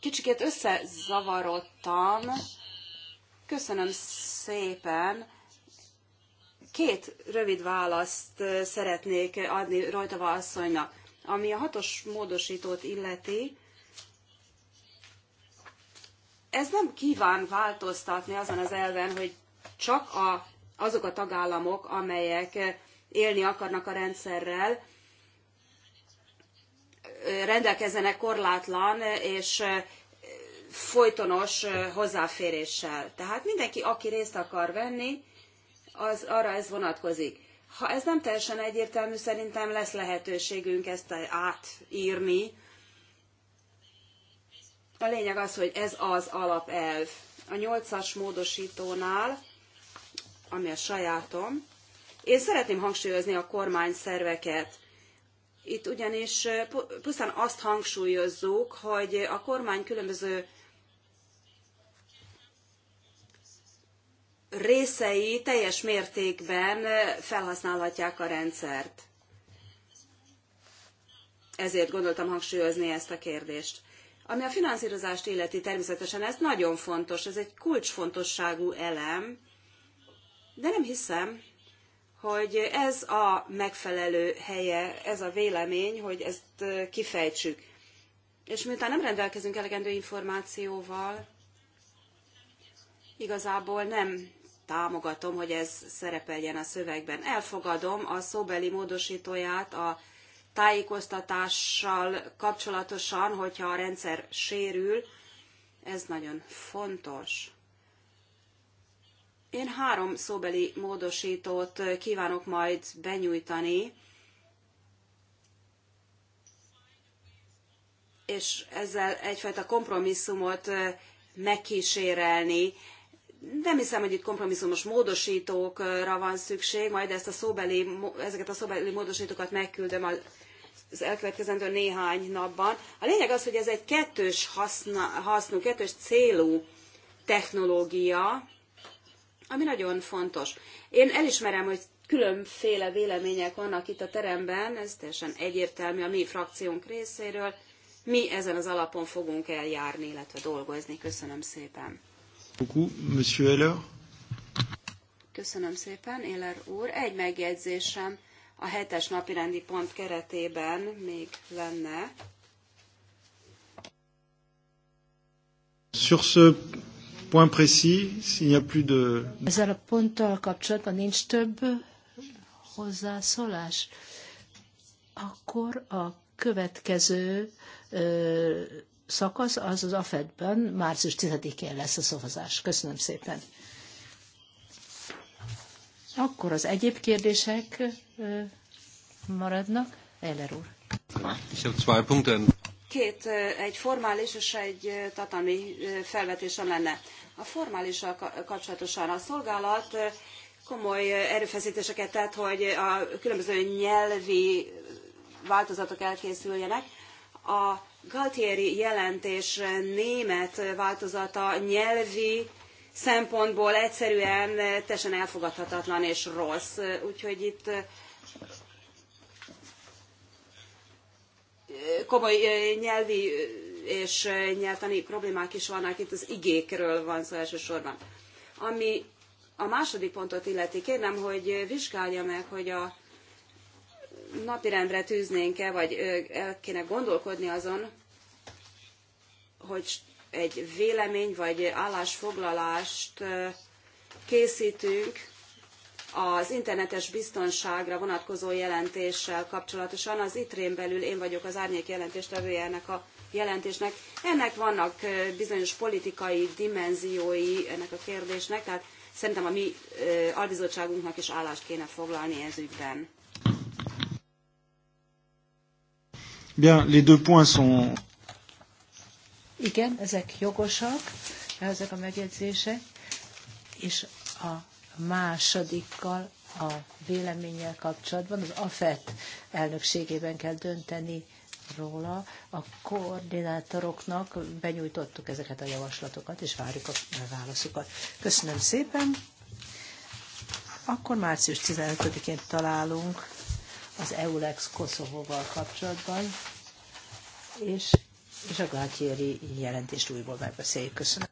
Kicsikét összezavarodtam. Köszönöm szépen. Két rövid választ eh, szeretnék adni Rojtava asszonynak. Ami a hatos módosítót illeti, ez nem kíván változtatni azon az elven, hogy csak a, azok a tagállamok, amelyek eh, élni akarnak a rendszerrel, eh, rendelkezzenek korlátlan és eh, folytonos hozzáféréssel. Tehát mindenki, aki részt akar venni, az arra ez vonatkozik. Ha ez nem teljesen egyértelmű, szerintem lesz lehetőségünk ezt átírni, a lényeg az, hogy ez az alapelv. A nyolcas módosítónál, ami a sajátom, én szeretném hangsúlyozni a kormány szerveket. Itt ugyanis pusztán azt hangsúlyozzuk, hogy a kormány különböző részei teljes mértékben felhasználhatják a rendszert. Ezért gondoltam hangsúlyozni ezt a kérdést. Ami a finanszírozást illeti, természetesen ez nagyon fontos, ez egy kulcsfontosságú elem, de nem hiszem, hogy ez a megfelelő helye, ez a vélemény, hogy ezt kifejtsük. És miután nem rendelkezünk elegendő információval, igazából nem támogatom, hogy ez szerepeljen a szövegben. Elfogadom a szóbeli módosítóját a tájékoztatással kapcsolatosan, hogyha a rendszer sérül, ez nagyon fontos. Én három szóbeli módosítót kívánok majd benyújtani, és ezzel egyfajta kompromisszumot megkísérelni. Nem hiszem, hogy itt kompromisszumos módosítókra van szükség, majd ezt a szóbeli, ezeket a szóbeli módosítókat megküldöm a az elkövetkezendő néhány napban. A lényeg az, hogy ez egy kettős haszna, hasznú, kettős célú technológia, ami nagyon fontos. Én elismerem, hogy különféle vélemények vannak itt a teremben, ez teljesen egyértelmű a mi frakciónk részéről. Mi ezen az alapon fogunk eljárni, illetve dolgozni. Köszönöm szépen. Köszönöm szépen, Éler úr. Egy megjegyzésem a hetes napirendi pont keretében még lenne. Sur ce point précis, s'il n'y a plus de... Ezzel a ponttal kapcsolatban nincs több hozzászólás. Akkor a következő ö, szakasz az az AFED-ben március 10-én lesz a szavazás. Köszönöm szépen. Akkor az egyéb kérdések maradnak. Eller úr. Két, egy formális és egy tatami felvetésem lenne. A formálisan kapcsolatosan a szolgálat komoly erőfeszítéseket tett, hogy a különböző nyelvi változatok elkészüljenek. A Galtieri jelentés német változata nyelvi szempontból egyszerűen eh, teljesen elfogadhatatlan és rossz. Eh, úgyhogy itt eh, komoly nyelvi és nyelvtani problémák is vannak, itt az igékről van szó elsősorban. Ami a második pontot illeti, kérem, hogy vizsgálja meg, hogy a napirendre tűznénk-e, vagy el kéne gondolkodni azon, hogy egy vélemény vagy állásfoglalást készítünk az internetes biztonságra vonatkozó jelentéssel kapcsolatosan. Az ITRÉN belül én vagyok az árnyék jelentéstevője ennek a jelentésnek. Ennek vannak bizonyos politikai dimenziói ennek a kérdésnek, tehát szerintem a mi albizottságunknak is állást kéne foglalni ez ügyben. Bien, les deux points sont... Igen, ezek jogosak, ezek a megjegyzések, és a másodikkal a véleménnyel kapcsolatban az AFET elnökségében kell dönteni róla. A koordinátoroknak benyújtottuk ezeket a javaslatokat, és várjuk a válaszukat. Köszönöm szépen! Akkor március 15-én találunk az EULEX Koszovóval kapcsolatban, és és a Glátyéri jelentést újból megbeszéljük. Köszönöm.